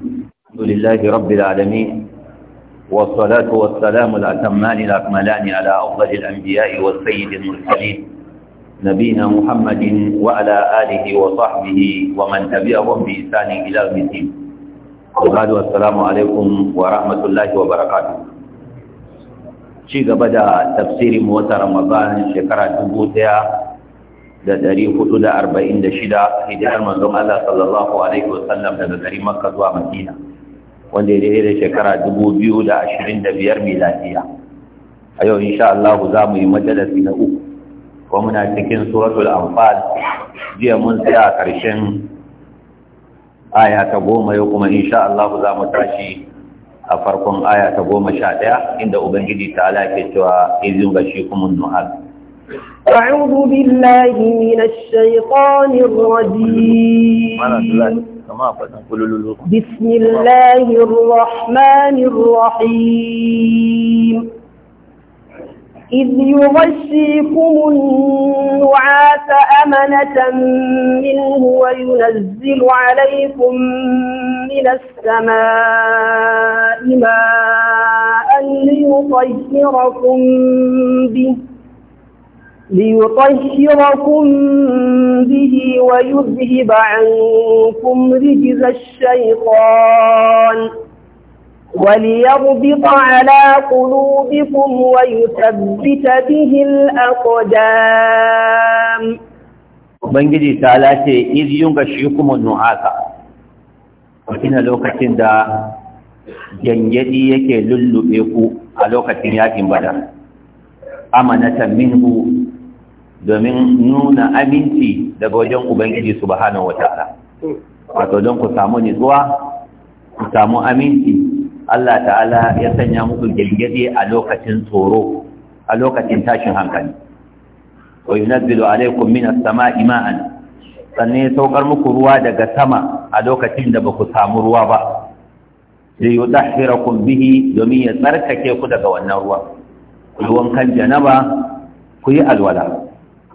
الحمد لله رب العالمين والصلاة والسلام الأتمان الأكملان على أفضل الأنبياء والسيد المرسلين نبينا محمد وعلى آله وصحبه ومن تبعهم بإحسان إلى يوم الدين وبعد السلام عليكم ورحمة الله وبركاته شيخ بدأ تفسير موتى رمضان شكرا تبوتها da ɗari hudu da arba'in da shida hijirar manzon Allah sallallahu alaihi wasallam daga garin Makka zuwa Madina wanda ya daidai da shekara dubu biyu da ashirin da biyar miladiya a yau insha Allah za mu yi majalisi na uku ko muna cikin suratul anfal jiya mun tsaya a ƙarshen aya ta goma yau kuma insha Allah za mu tashi a farkon aya ta goma sha ɗaya inda ubangiji ta ala ke cewa izin ga shi kuma nuhal أعوذ بالله من الشيطان الرجيم بسم الله الرحمن الرحيم إذ يغشيكم النعاس أمنة منه وينزل عليكم من السماء ماء ليطيركم به ليطهركم به ويذهب عنكم رجز الشيطان وليربط على قلوبكم ويثبت به الأقدام Ubangiji ta lace iziyun ga shi kuma nu'asa, wakina lokacin da gyangyaɗi yake lullube ku a lokacin yakin badar, amanatan minhu domin nuna aminci daga wajen ubangiji subhanahu ala, wato don ku samu nitsuwa ku samu aminci Allah ta'ala ya sanya muku gilgide a lokacin tsoro a lokacin tashin hankali wa yunazzilu alaykum minas sama'i ma'an sannan ya saukar muku ruwa daga sama a lokacin da ba ku samu ruwa ba zai yi bihi domin ya tsarkake ku daga wannan ruwa ku yi wankan janaba ku yi alwala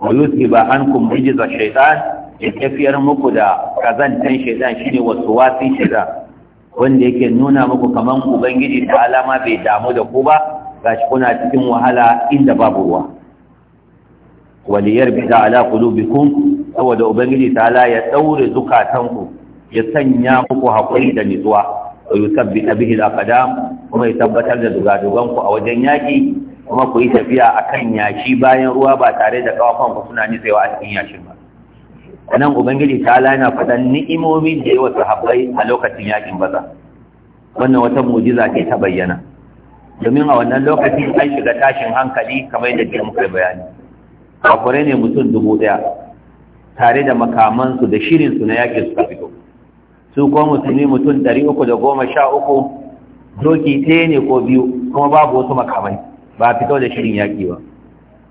wa yusiba ankum rijza shaitan ya tafiyar muku da kazantan shaytan shine wasi shaytan wanda yake nuna muku kaman ubangiji ta alama bai damu da ku ba gashi kuna cikin wahala inda babu ruwa waliyar bida ala qulubikum saboda ubangiji ta ala ya daure zukatanku ya sanya muku hakuri da nitsuwa wa yusabbi abihi al-aqdam kuma ya tabbatar da dugadugan ku a wajen yaki kuma ku yi tafiya a kan yashi bayan ruwa ba tare da kawafan ku suna nitsewa a cikin yashin ba nan ubangiji ta yana faɗan ni'imomin da yawa sahabbai a lokacin yakin baza wannan wata mujiza ce ta bayyana domin a wannan lokacin an shiga tashin hankali kamar yadda ke muka bayani akwai ne mutum dubu ɗaya tare da makamansu da shirinsu na yakin suka fito su ko musulmi mutum ɗari uku da goma sha uku doki ɗaya ne ko biyu kuma babu wasu makamai ba a fito da shirin yaƙi ba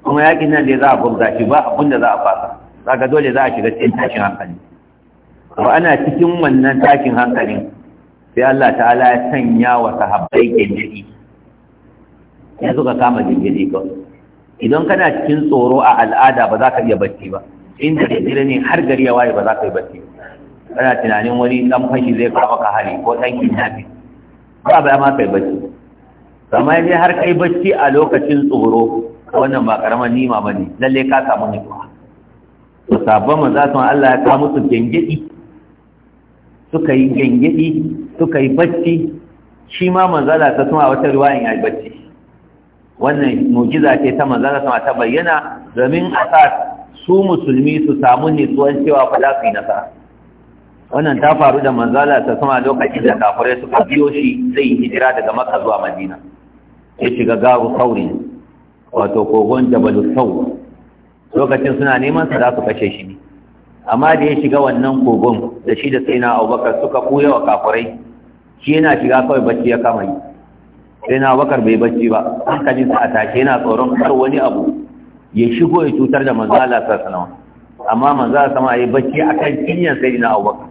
kuma yaƙin nan dai za a gwamza shi ba abin da za a fasa za ka dole za a shiga cikin tashin hankali ba ana cikin wannan tashin hankalin sai Allah ta'ala ya sanya wa sahabbai gindiri ya suka kama gindiri ba idan kana cikin tsoro a al'ada ba za ka iya bacci ba inda gindiri ne har gari ya waye ba za ka yi bacci kana tunanin wani dan fashi zai kawo ka hari ko dan kidnapping ba ba ma kai bacci kamar ne har kai bacci a lokacin tsoro wannan ba karamar nima ba ne lalle ka samu kuwa to sabon maza sun Allah ya kawo musu gengedi suka yi gengedi suka yi bacci shi ma manzo Allah ta suma wata ruwa ya yi bacci wannan mu'jiza ce ta manzo Allah ta bayyana domin a sa su musulmi su samu nutsuwan cewa fa za su yi nasara wannan ta faru da manzo Allah ta suma lokacin da kafirai suka biyo shi zai hijira daga Makka zuwa Madina ya shiga garu sauri wato kogon jabalu sau lokacin suna neman sa za su kashe shi ne amma da ya shiga wannan kogon da shi da sai na abubakar suka kuya wa kafurai shi yana shiga kawai bacci ya kama yi sai na abubakar bai bacci ba sa a tashe yana tsoron kar wani abu ya shigo ya cutar da manzo Allah sallallahu amma manzo Allah sama yayi bacci akan kinyan sai na Abubakar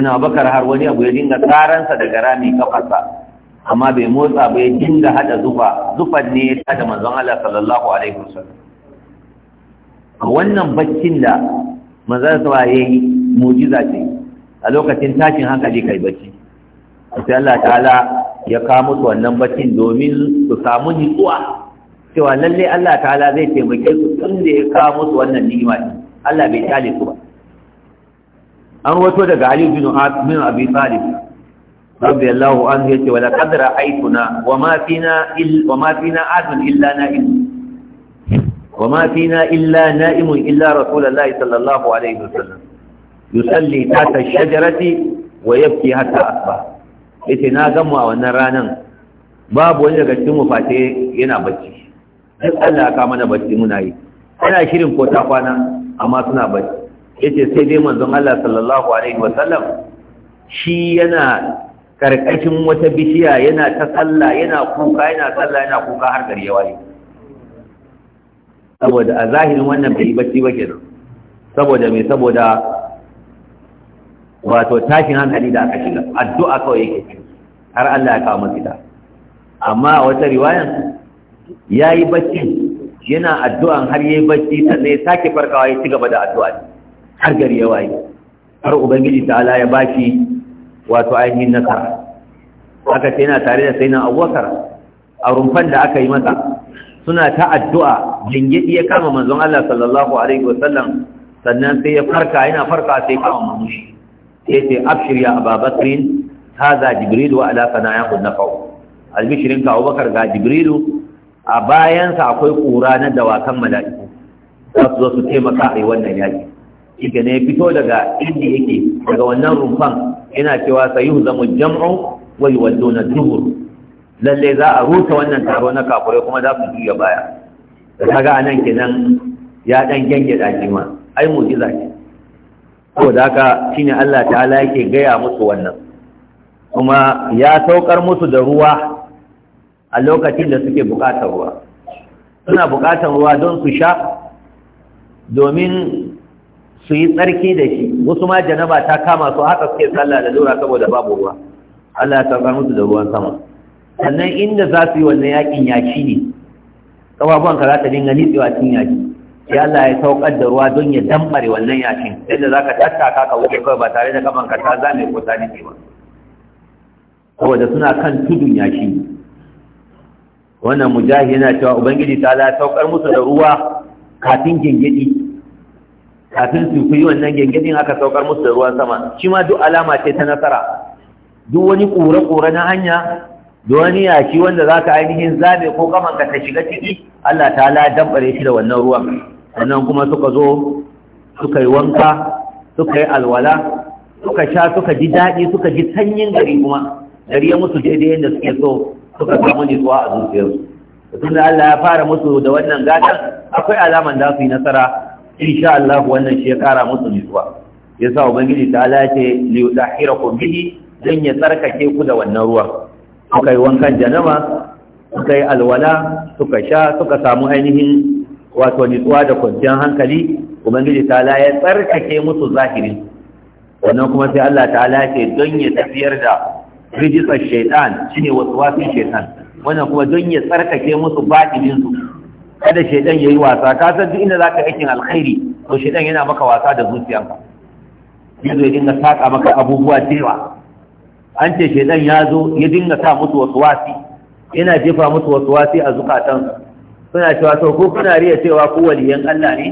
ina Abubakar har wani abu ya dinga tsaransa daga rami kafarsa amma bai motsa ba ya dinga hada zufa zufan ne ya da manzon Allah sallallahu alaihi wasallam a wannan baccin da manzon sa ya yi mu'jiza ce a lokacin tashin hankali kai bacci sai Allah ta'ala ya kawo musu wannan baccin domin su samu nutsuwa cewa lalle Allah ta'ala zai taimake su tun da ya kawo musu wannan ni'ima Allah bai tale su ba an wato daga Ali bin Abi Talib rabbi Allah an yace wala qad ra'aytuna wa ma fina il wa ma fina adun illa na'im wa ma fina illa na'imun illa rasulullahi sallallahu alaihi wasallam yusalli tata shajarati wa yabki hatta asbah yace na gamu a wannan ranan babu wani daga cikin mu fate yana bacci duk Allah ka mana bacci muna yi ana shirin ko ta kwana amma suna sai dai manzon Allah sallallahu alaihi shi yana karkashin wata bishiya yana ta tsalla yana kuka yana tsalla, yana kuka har gari ya waye saboda a zahirin wannan bai bacci ba kenan saboda mai saboda wato tashin hankali da aka shiga addu'a kawai yake har Allah ya kawo mafita amma a wata riwayan yayi bacci yana addu'an har yayi bacci sannan ya sake farkawa ya ci gaba da addu'a har gari ya waye har ubangiji ta'ala ya bashi wato ainihin nasara aka ce yana tare da sai na abubakar a rumfan da aka yi masa suna ta addu'a jingiɗi ya kama manzon Allah sallallahu alaihi wasallam sannan sai ya farka yana farka sai kama mamushi sai ce abshir ya ta za jibrilu wa ala na kawo albishirin ka abubakar ga jibrilu a bayansa akwai kura na dawakan mala'iku za su zo su taimaka a yi wannan yaki shi ne fito daga inda yake daga wannan rumfan yana cewa zamu jam'u wa yuwalluna dhuhur lalle za a rusa wannan taro na kafirai kuma za su juya baya da kaga anan kenan ya dan gange da shi ma ai mu'jiza ce ko da haka shine Allah ta'ala yake gaya musu wannan kuma ya saukar musu da ruwa a lokacin da suke bukatar ruwa suna bukatar ruwa don su sha domin su yi tsarki da shi wasu ma janaba ta kama su haka suke sallah da lura saboda babu ruwa Allah ya karɓar musu da ruwan sama sannan inda za su yi wannan yakin yaki ne kafafuwan ka za ta dinga nitsewa cikin yaki ya Allah ya saukar da ruwa don ya dambare wannan yakin yadda za ka tattaka ka wuce kawai ba tare da kaman ka ta zame ko ta nitse ba saboda suna kan tudun yaki wannan mujahi yana cewa ubangiji ta Allah ya saukar musu da ruwa kafin gingidi kafin su fi wannan gangamin aka saukar musu da ruwan sama shi ma duk alama ce ta nasara duk wani ƙura-ƙura na hanya da wani yaki wanda za ka ainihin zabe ko kamanka ta shiga ciki Allah ta la damɓare shi da wannan ruwan sannan kuma suka zo suka yi wanka suka yi alwala suka sha suka ji daɗi suka ji sanyin gari kuma gari ya musu daidai yadda suke so suka samu nutsuwa a zuciyarsu tunda Allah ya fara musu da wannan gatan akwai alaman za su yi nasara insha Allah wannan shi ya kara musu nutsuwa yasa ubangiji ta lace li yudahirakum bihi dan ya tsarkake ku da wannan ruwa suka yi wankan janaba suka yi alwala suka sha suka samu ainihin wato nutsuwa da kwanciyar hankali ubangiji ta la ya tsarkake musu zahiri wannan kuma sai Allah ta lace don ya tafiyar da rijisar shaitan shine wasu wasu shaitan wannan kuma don ya tsarkake musu batinin kada shaidan yayi wasa ka san duk inda zaka aikin alkhairi to shaidan yana maka wasa da zuciyarka zo ya dinga saka maka abubuwa cewa an ce shaidan ya zo ya dinga sa musu wasu wasi yana jefa musu wasu wasi a zukatan suna cewa to ko kuna riya cewa ku waliyan Allah ne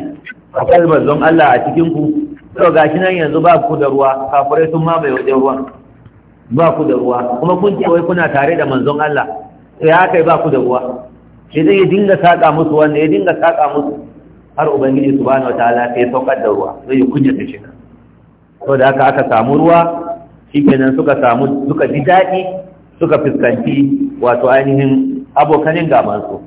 akwai manzon Allah a cikin ku to gashi nan yanzu ba ku da ruwa kafirai sun mamaye wajen ruwan ba ku da ruwa kuma kun ce wai kuna tare da manzon Allah ya kai ba ku da ruwa shi zai yi dinga saƙa musu wanda ya dinga saƙa musu har ubangiji su wata wataala sai saukar da ruwa Zai ya kunya da shiga to da haka aka samu ruwa kenan suka samu suka ji daɗi suka fuskanci wato ainihin abokanin gaban su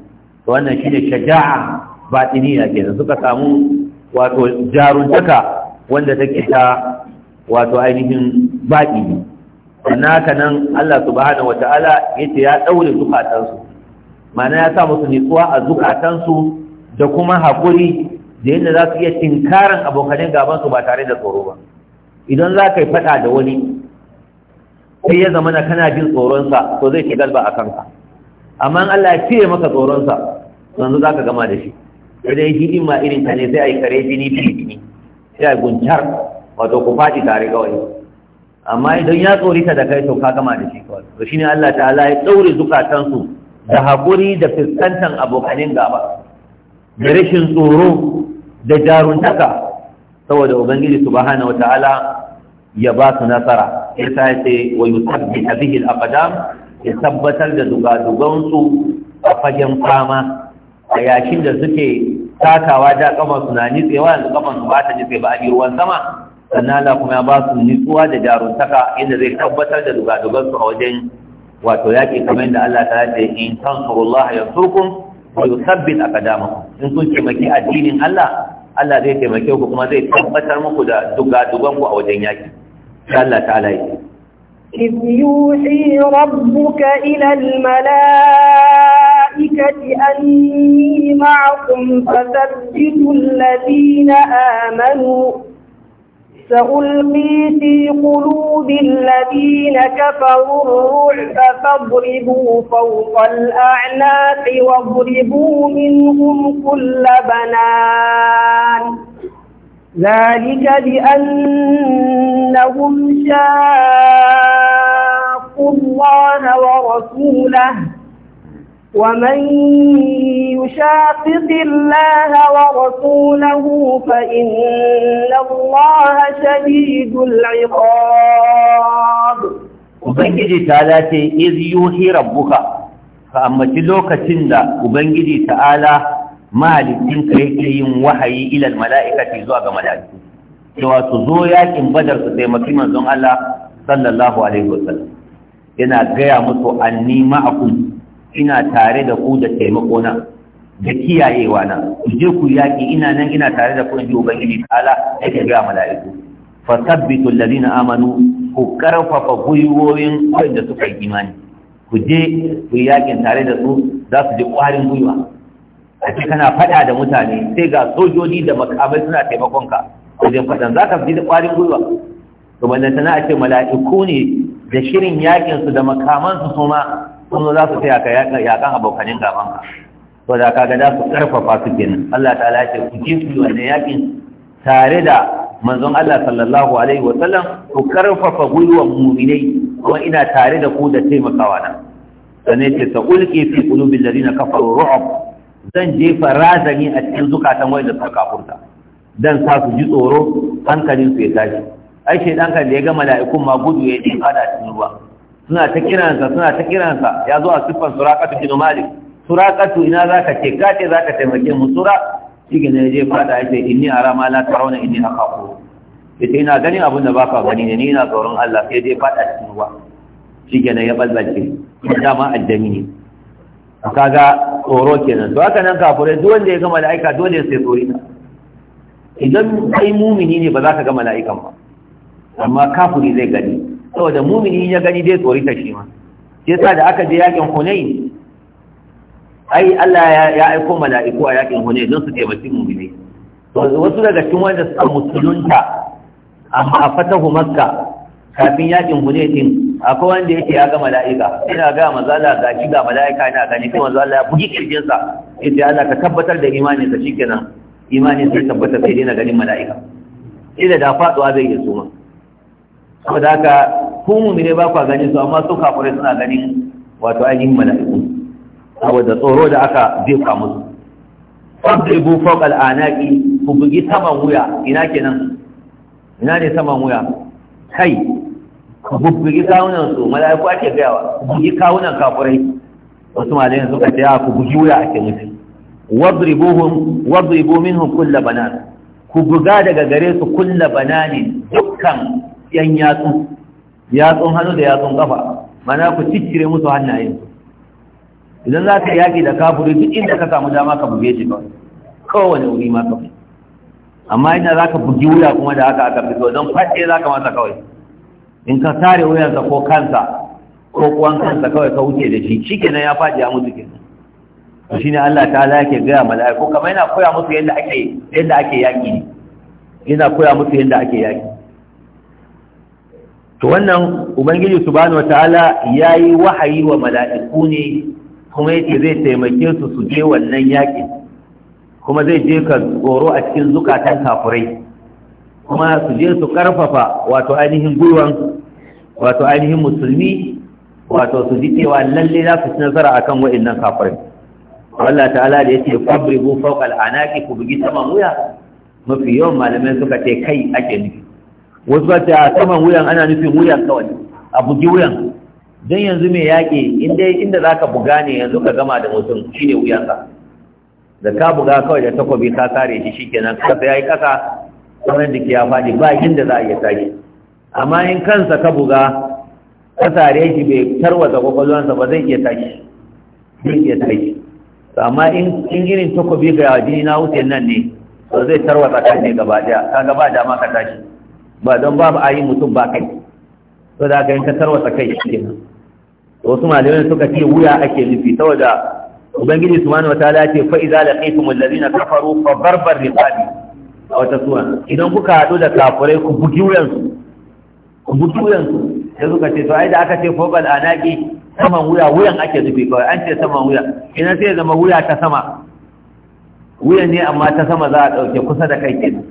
to wannan shine shaja'a batiniya kenan suka samu wato jaruntaka wanda take ta wato ainihin baƙi. ne sannan haka nan Allah subhanahu wa ta'ala ya ɗaure zukatansu ma'ana ya sa musu nitsuwa a zukatansu da kuma haƙuri da yadda za su iya tinkarin abokanin gabansu ba tare da tsoro ba idan za ka yi faɗa da wani sai ya zama na kana jin tsoronsa to zai ke galba a kanka amma in Allah ya fiye maka tsoronsa yanzu za ka gama da shi idan shi din ma irin ka ne sai a yi kare jini fili jini sai a yi guncar wato ku faɗi tare kawai amma idan ya tsorita da kai to ka gama da shi kawai to shine Allah ta'ala ya daure zukatansu da haƙuri da fuskantar abokanin gaba da rashin tsoro da jaruntaka saboda ubangiji subhanahu wataala ya ba su nasara isa ya ce wa yusabbi a bihin aqdam ya tabbatar da dugadugan su a fagen fama a yakin da suke takawa da kafan su na nitsewa yanzu kafan su ba ta nitse ba a ruwan sama sannan kuma ya ba su nitsuwa da jaruntaka inda zai tabbatar da dugadugan su a wajen wato yaƙi kamar da Allah ta ce in tansurullaha yansurkum sabbin yuthabbit aqdamakum in kun taimaki addinin Allah Allah zai taimake ku kuma zai tabbatar muku da duga dugan ku a wajen yaƙi sai Allah ta'ala yi إذ يوحي ربك إلى الملائكة أني معكم فثبتوا الذين آمنوا سألقي في قلوب الذين كفروا الرعب فاضربوا فوق الأعناق واضربوا منهم كل بنان ذلك بأنهم شاقوا الله ورسوله ومن يشاقق الله ورسوله فإن الله شديد العقاب Ubangiji ta'ala ce iz yuhi rabbuka ka ammaci lokacin da Ubangiji ta'ala malikin ka yake yin wahayi ilal mala'ikati zuwa ga mala'iku cewa su zo yakin badar su taimaki manzon Allah sallallahu alaihi wasallam yana gaya musu a ma'akum ina tare da ku da taimako na da kiyayewa na ku je ku yaki ina nan ina tare da ku in ji ubangiji ta'ala yake ga mala'iku fasabbitu alladhina amanu ku karfafa gwiwoyin wanda suka yi imani ku je ku yakin tare da su za su ji ƙwarin gwiwa a ce kana faɗa da mutane sai ga sojoji da makamai suna taimakonka wajen faɗan za ka fi da ƙwarin gwiwa to ballantana a ce mala'iku ne da shirin yakin su da makamansu su ma kuma za su taya ka yakan abokanin gaban ka to da kaga za su karfafa su kenan Allah ta'ala ya ce ku ji su wannan yakin tare da manzon Allah sallallahu alaihi wa sallam ku karfafa gwiwar mu'minai kuma ina tare da ku da taimakawa na sanai ce sa'ulqi fi qulubil ladina kafaru ru'b zan jefa razani a cikin zukatan wanda suka kafurta dan sa su ji tsoro hankalin su ya tashi ai shedan kan da ya ga mala'ikun ma gudu ya ɗin fada cikin ruwa suna ta kiransa suna ta kiransa ya zo a siffan suraƙatu bin malik suraƙatu ina za ka ce ka ce za ka taimake mu sura shi ya je fada ya ce inni ara ma la tarawna inni akhafu ya ce ina ganin abin da ba ka gani ne ni ina tsoron Allah sai je fada cikin ruwa shi ne ya ballace dama addami ne kaga tsoro kenan to haka nan kafure duk wanda ya gama la'aika, dole sai tsori na idan kai mumini ne ba za ka gama la'aikan ba amma kafuri zai gani saboda mumini ya gani dai tsori ta shi ma yasa da aka je yakin hunain ai Allah ya aiko mala'iku a yakin hunain don su taimaki mumini to wasu daga cikin wanda suka musulunta amma a fatahu makka kafin yakin hunain din akwai wanda yake ya ga mala'ika ina ga mazala ga shi ga mala'ika ina gani sai manzo Allah ya bugi kirjin sa yace Allah ka tabbatar da imanin sa shikenan imanin sai tabbata sai dai na ganin mala'ika ila da faduwa zai yi suma saboda haka ko ne ba kwa gani su amma su kafirai suna ganin wato ainihin mala'iku saboda tsoro da aka jefa musu fadribu a al'anaqi ku bugi saman wuya ina kenan ina ne saman wuya kai ku bugi kawunan su mala'iku ake gayawa ku bugi kawunan kafirai wasu malayan suka ce ku bugi wuya ake nufi wadribuhum wadribu minhum kulla banan ku buga daga gare su kulla bananin dukkan yan yatsu yatsun hannu da yatsun kafa mana ku ciccire musu hannayen idan za ka yaki da kafuri duk inda ka samu dama ka buge shi ba kowane wuri ma kawai amma inda za ka bugi wuya kuma da haka aka fito don faɗe za ka masa kawai in ka tare wuyansa ko kansa ko kuwan kansa kawai ka wuce da shi shi kenan ya faɗi ya mutu kenan to shine Allah ta Allah yake gaya mala'iku kamar yana koya musu yadda ake yadda ake yaki yana koya musu yadda ake yaki to wannan ubangiji subhanahu wataala yayi wahayi wa mala'iku ne kuma yace zai taimake su su je wannan yakin kuma zai je ka tsoro a cikin zukatan kafurai kuma su je su karfafa wato ainihin gwiwan wato ainihin musulmi wato su ji cewa lalle za su ci nasara akan wa'annan kafurai Allah ta'ala da yace fabribu fawqa al'anaqi ku bugi sama wuya mafi yawan malamai suka ce kai ake nufi wasu ba ce a saman wuyan ana nufin wuyan kawai a bugi wuyan don yanzu mai yaƙi inda inda za ka buga ne yanzu ka gama da mutum shi ne ka. da ka buga kawai da takobi ka kare shi shikenan ka ya yi kasa da jiki ya faɗi ba inda za a iya tashi amma in kansa ka buga ka tare shi bai tarwata kwakwalwansa ba zai iya tashi zai iya tashi amma in irin takobi ga jini na wuce nan ne to zai tarwata kan ne gaba daya ka gaba dama ka tashi ba don babu ayi mutum ba kai to da ka tarwata kai kenan wasu malamai suka ce wuya ake nufi saboda ubangiji subhanahu wataala ce fa idza laqitum allazina kafaru fa barbar riqabi a wata suwa idan kuka haɗu da kafurai ku bugi wuyan su ku bugi wuyan su sai suka ce to ai da aka ce fobal anaki saman wuya wuyan ake nufi kawai an ce saman wuya idan sai zama wuya ta sama wuyan ne amma ta sama za a dauke kusa da kai kenan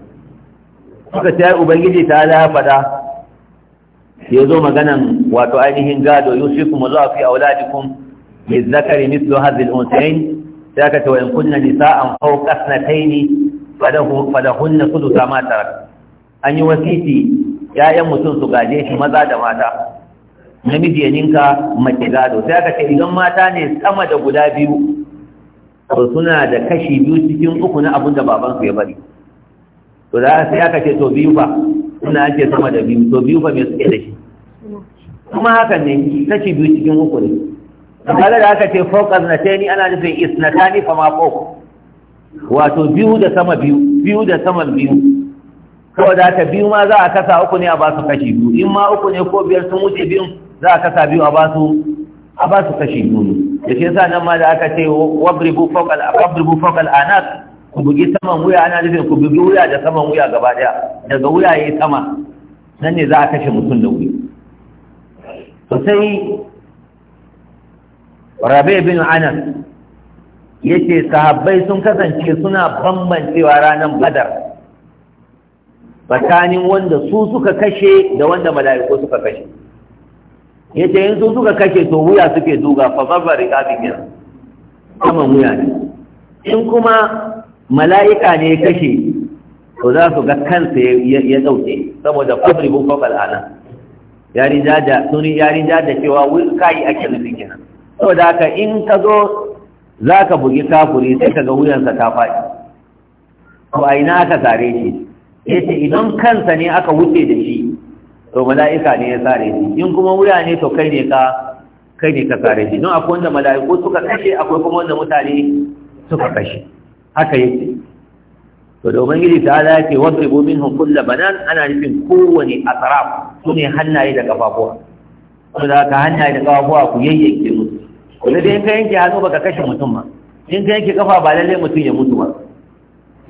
suka ce ai ubangiji ta ala ya faɗa ya zo maganan wato ainihin gado yusufu mu zuwa fi auladikum bi zakari mislu hadhihi al-unsayn sai aka ce wa kunna nisa'an fawqa ithnatayn falahu falahunna su ma tarak an yi wasiti ya'yan mutum su gaje shi maza da mata namiji ya ninka mace gado sai aka ce idan mata ne sama da guda biyu to suna da kashi biyu cikin uku na abin da babansu ya bari to da sai aka ce to biyu fa suna ake sama da biyu to biyu fa me suke da shi kuma hakan ne kashi biyu cikin uku ne kamar da aka ce fokas na ni ana nufin isnatani fa ma fawq wato biyu da sama biyu biyu da sama biyu kawai da aka biyu ma za a kasa uku ne a ba su kashi biyu in ma uku ne ko biyar sun wuce biyun za a kasa biyu a ba su a ba su kashi biyu da shi yasa nan ma da aka ce wabribu fawqa al-wabribu fawqa al-anas ku bugi saman wuya ana nufin ku bugi wuya da saman wuya gaba daya daga wuya yayi sama nan ne za a kashe mutum da wuya to sai rabe bin anas yace sahabbai sun kasance suna bambancewa ranar badar tsakanin wanda su suka kashe da wanda mala'iku suka kashe yace in su suka kashe to wuya suke duga fa babbar yana. saman wuya ne in kuma mala'ika ne ya kashe to za su ga kansa ya dauke saboda kwabri bu kwakwal ana yarin jada suni yarin jada cewa wuri kayi ake nufin kenan saboda haka in ka zo za ka bugi kafuri sai ka ga wuyansa ta faɗi to a ina aka sare shi ya ce idan kansa ne aka wuce da shi to mala'ika ne ya sare shi in kuma wuya ne to kai ne ka kai ne ka sare shi don akwai wanda mala'iku suka kashe akwai kuma wanda mutane suka kashe haka yake to da ubangiji ta ala yake ibo min kulla banan ana nufin kowane su sune hannaye da kafafuwa ko da ka hannaye da kafafuwa ku yayyanke mutu. ko da in ka yanke hannu baka kashe mutum ba in ka yanke kafa ba lalle mutum ya mutu ba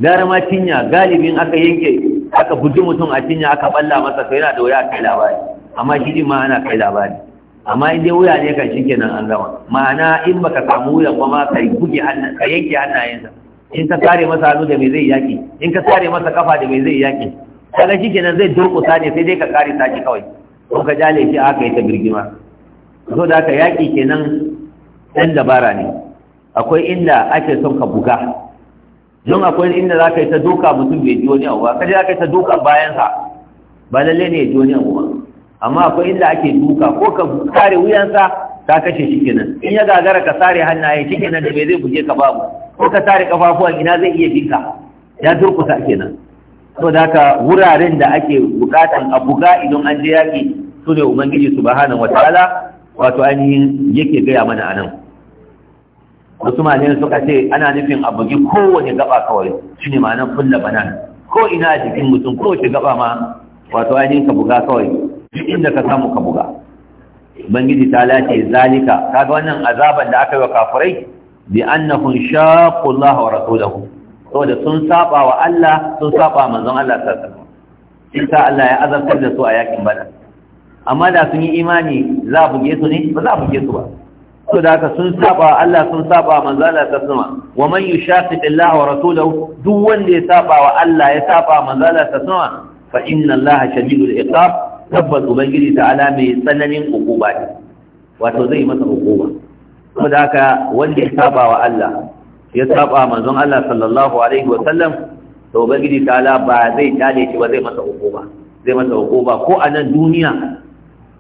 gara ma cinya galibin aka yanke aka buji mutum a cinya aka balla masa to yana da wuya kai labari amma shi ma ana kai labari amma in dai wuya ne kan kenan an gama ma'ana in baka samu wuya ba ma kai buge ka yanke hannayensa in ka kare masa hannu da me zai yaki in ka kare masa kafa da me zai yaki kaga shi kenan zai durƙusa ne sai dai ka kare ta shi kawai ko ka jale shi a haka yi ta birgima so da haka yaki kenan ɗan dabara ne akwai inda ake son ka buga don akwai inda za ka yi ta duka mutum bai ji wani abu ba kaje za ka yi ta duka bayansa ba lalle ne ya ji wani abu ba amma akwai inda ake duka ko ka kare wuyansa ka kashe shi kenan in ya gagara ka sare hannaye shi kenan da me zai buge ka babu ko ka tare kafafuwan ina zai iya binka ya durkusa kenan to da haka wuraren da ake bukatan a buga idan an je yaki su ne ubangiji subhanahu wataala wato ainihin yake gaya mana anan wasu malayen suka ce ana nufin a bugi kowane gaba kawai ne ma'anar kulla bana. ko ina a jikin mutum ko shi gaba ma wato ainihin ka buga kawai duk inda ka samu ka buga ubangiji ta lace zalika kaga wannan azaban da aka yi wa kafurai bi annahum shaqu Allah wa rasulahu saboda sun saba wa Allah sun saba manzon Allah sallallahu alaihi wasallam sai Allah ya azabtar da su a yakin Badar amma da sun yi imani za a buge su ne ba za a buge su ba to da haka sun saba Allah sun saba manzon Allah sallallahu alaihi wasallam wa man yushaqiq Allah wa rasulahu duk wanda ya saba wa Allah ya saba manzon Allah sallallahu alaihi wasallam fa inna Allah shadidul iqab tabbas ubangiji ta'ala mai tsananin hukuma ne wato zai masa hukuma Kuma da haka wanda ya saba wa Allah ya saba manzon Allah sallallahu alaihi wa sallam to bagidi ta'ala ba zai tale shi ba zai masa hukuma zai masa hukuma ko a nan duniya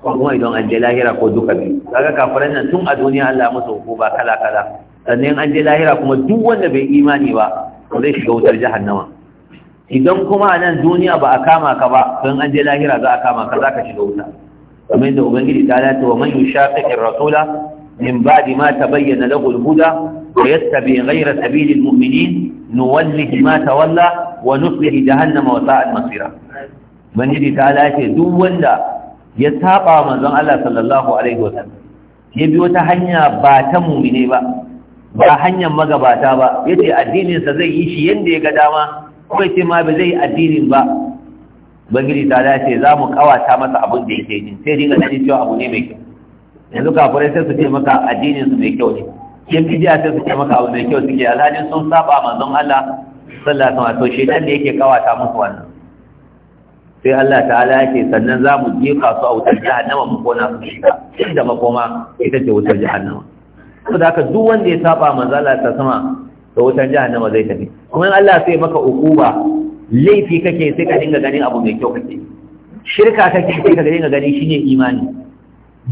ko kuma idan an je lahira ko duka biyu kaga kafiran nan tun a duniya Allah masa hukuma kala kala sannan an je lahira kuma duk wanda bai imani ba to zai shiga wutar jahannama idan kuma a nan duniya ba a kama ka ba don an je lahira za a kama ka za ka shiga wuta kamar yadda ubangiji ta lati wa man yushaqiqir rasula من بعد ما تبين له الهدى ويتبع غير سبيل المؤمنين نوله ما تولى ونصله جهنم وساءت مصيرا من يدي تعالى يتي دو يتابع منزon Allah sallallahu alaihi wasallam ya bi wata hanya ba ta mu'mine ba ba hanyar magabata ba yace addinin sa zai yi shi yanda ya ga dama ko yace ma ba yi addinin ba bangiji ta ce za mu kawata masa abin da yake yin sai dinga ganin cewa abu ne mai kyau yanzu kafirai sai su ce maka addinin su mai kyau ne kin bidiya sai su ce maka abu mai kyau suke alhalin sun saba manzon Allah sallallahu alaihi wasallam to shedan da yake kawata musu wannan sai Allah ta'ala yake sannan za mu jefa su a wutar jahannama mu kona su shiga inda makoma ita ce wutar jahannama saboda haka duk wanda ya saba manzon Allah ta sama to wutar jahannama zai tafi kuma in Allah sai maka ukuba laifi kake sai ka dinga ganin abu mai kyau kake shirka kake sai ka dinga ganin shine imani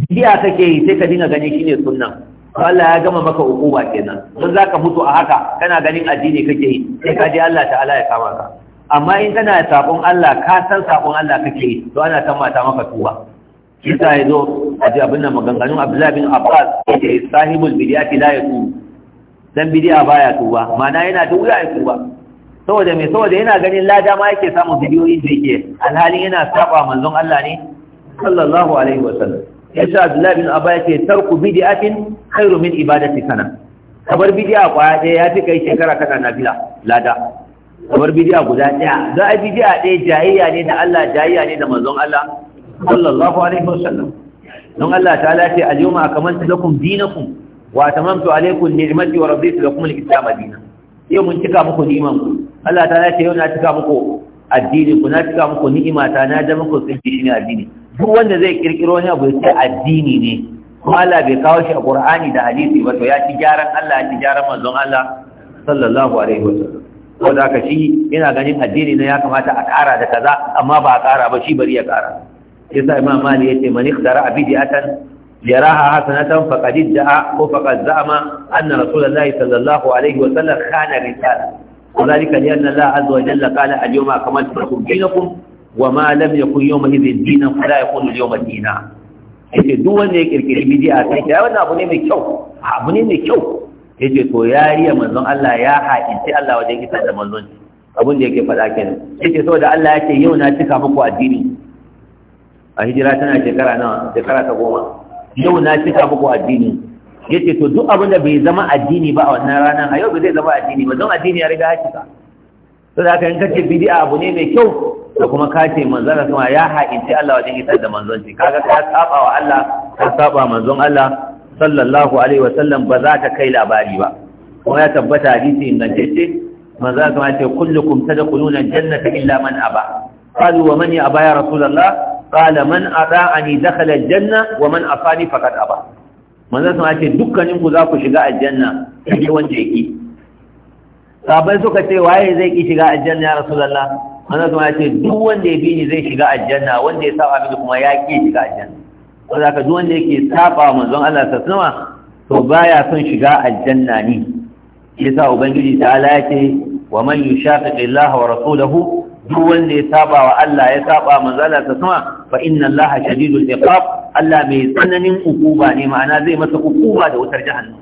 bidiya kake yi sai ka dinga gani shine sunna Allah ya gama maka hukuma kenan don ka mutu a haka kana ganin addini kake yi sai ka je Allah ta'ala ya kama ka amma in kana saƙon Allah ka san saƙon Allah kake yi to ana san mata maka tuwa kisa ya zo a ji abin nan maganganun Abdullah bin Abbas yake sahibul bidiyati la yatu dan bidiya baya tuba ma'ana yana da wuya ya tuba saboda me saboda yana ganin lada ma yake samun bidiyoyin da yake alhalin yana saba manzon Allah ne sallallahu alaihi wasallam yasa Abdullahi bin Abba yake tarku bid'atin khairu min ibadati sana kabar bid'a kwaya ɗaya ya fi kai shekara kana nafila lada kabar bid'a guda ɗaya za a bid'a ɗaya jayayya ne da Allah jayayya ne da manzon Allah sallallahu alaihi wasallam don Allah ta'ala ce al-yawma akmaltu lakum dinakum wa tamamtu alaykum ni'mati wa raditu lakum al-islam dinan yau mun cika muku ni'iman ku Allah ta'ala ce yau na cika muku addini ku na cika muku ni'ima ta na da muku sun shi ne addini duk wanda zai kirkiro wani abu sai addini ne kuma Allah bai kawo shi a Qur'ani da hadisi ba to ya ci gyaran Allah ya ci gyaran manzon Allah sallallahu alaihi wasallam wanda ka shi yana ganin addini ne ya kamata a ƙara da kaza amma ba a ƙara ba shi bari ya ƙara yasa Imam Malik yace man ikhtara bid'atan yaraha hasanatan faqad da'a ko faqad za'ama anna Rasulullahi sallallahu alaihi wasallam khana risala وذلك لأن الله عز وجل قال اليوم أكملت لكم دينكم wa ma lam yakun yawma idhin dinan fala yakunu al-yawma dinan yace duk wanda ya kirkiri bid'a sai ya wannan abu ne mai kyau ah, abu ne mai kyau yace to yariya manzon Allah ya haƙi Allah wajen kita da manzon abin da yake faɗa kenan yace saboda Allah yake yau na cika muku addini a hijira tana shekara nawa shekara ta goma yau na cika muku addini yace to duk abin da bai zama addini ba a wannan ranar a yau bai zai zama addini ba don addini ya riga ya cika to da aka kan kace bid'a abu ne mai kyau da kuma kace manzon kuma ya haƙinci Allah wajen isar da manzonci kaga ka saba wa Allah ka saba manzon Allah sallallahu alaihi wa sallam ba za ta kai labari ba kuma ya tabbata hadisi ingantacce manzon kuma ya ce kullukum tadkhuluna jannata illa man aba qalu wa man ya aba ya rasulullah qala man ata'ani dakhala Janna wa man afani faqad aba manzon kuma ya ce dukkanin ku za ku shiga aljanna sai wanda yake sabai suka ce waye zai ki shiga aljanna ya rasulullah manzo kuma ya ce duk wanda ya bi ni zai shiga aljanna wanda ya saba mini kuma ya ki shiga aljanna ko zaka duk wanda yake saba manzon Allah sallallahu alaihi to baya son shiga aljanna ne yasa ubangiji ta'ala ya ce wa man yushaqiqi Allah wa rasuluhu duk wanda ya saba wa Allah ya saba manzon Allah sallallahu alaihi fa inna Allah shadidul iqab Allah mai tsananin hukuma ne ma'ana zai masa hukuma da wutar jahannama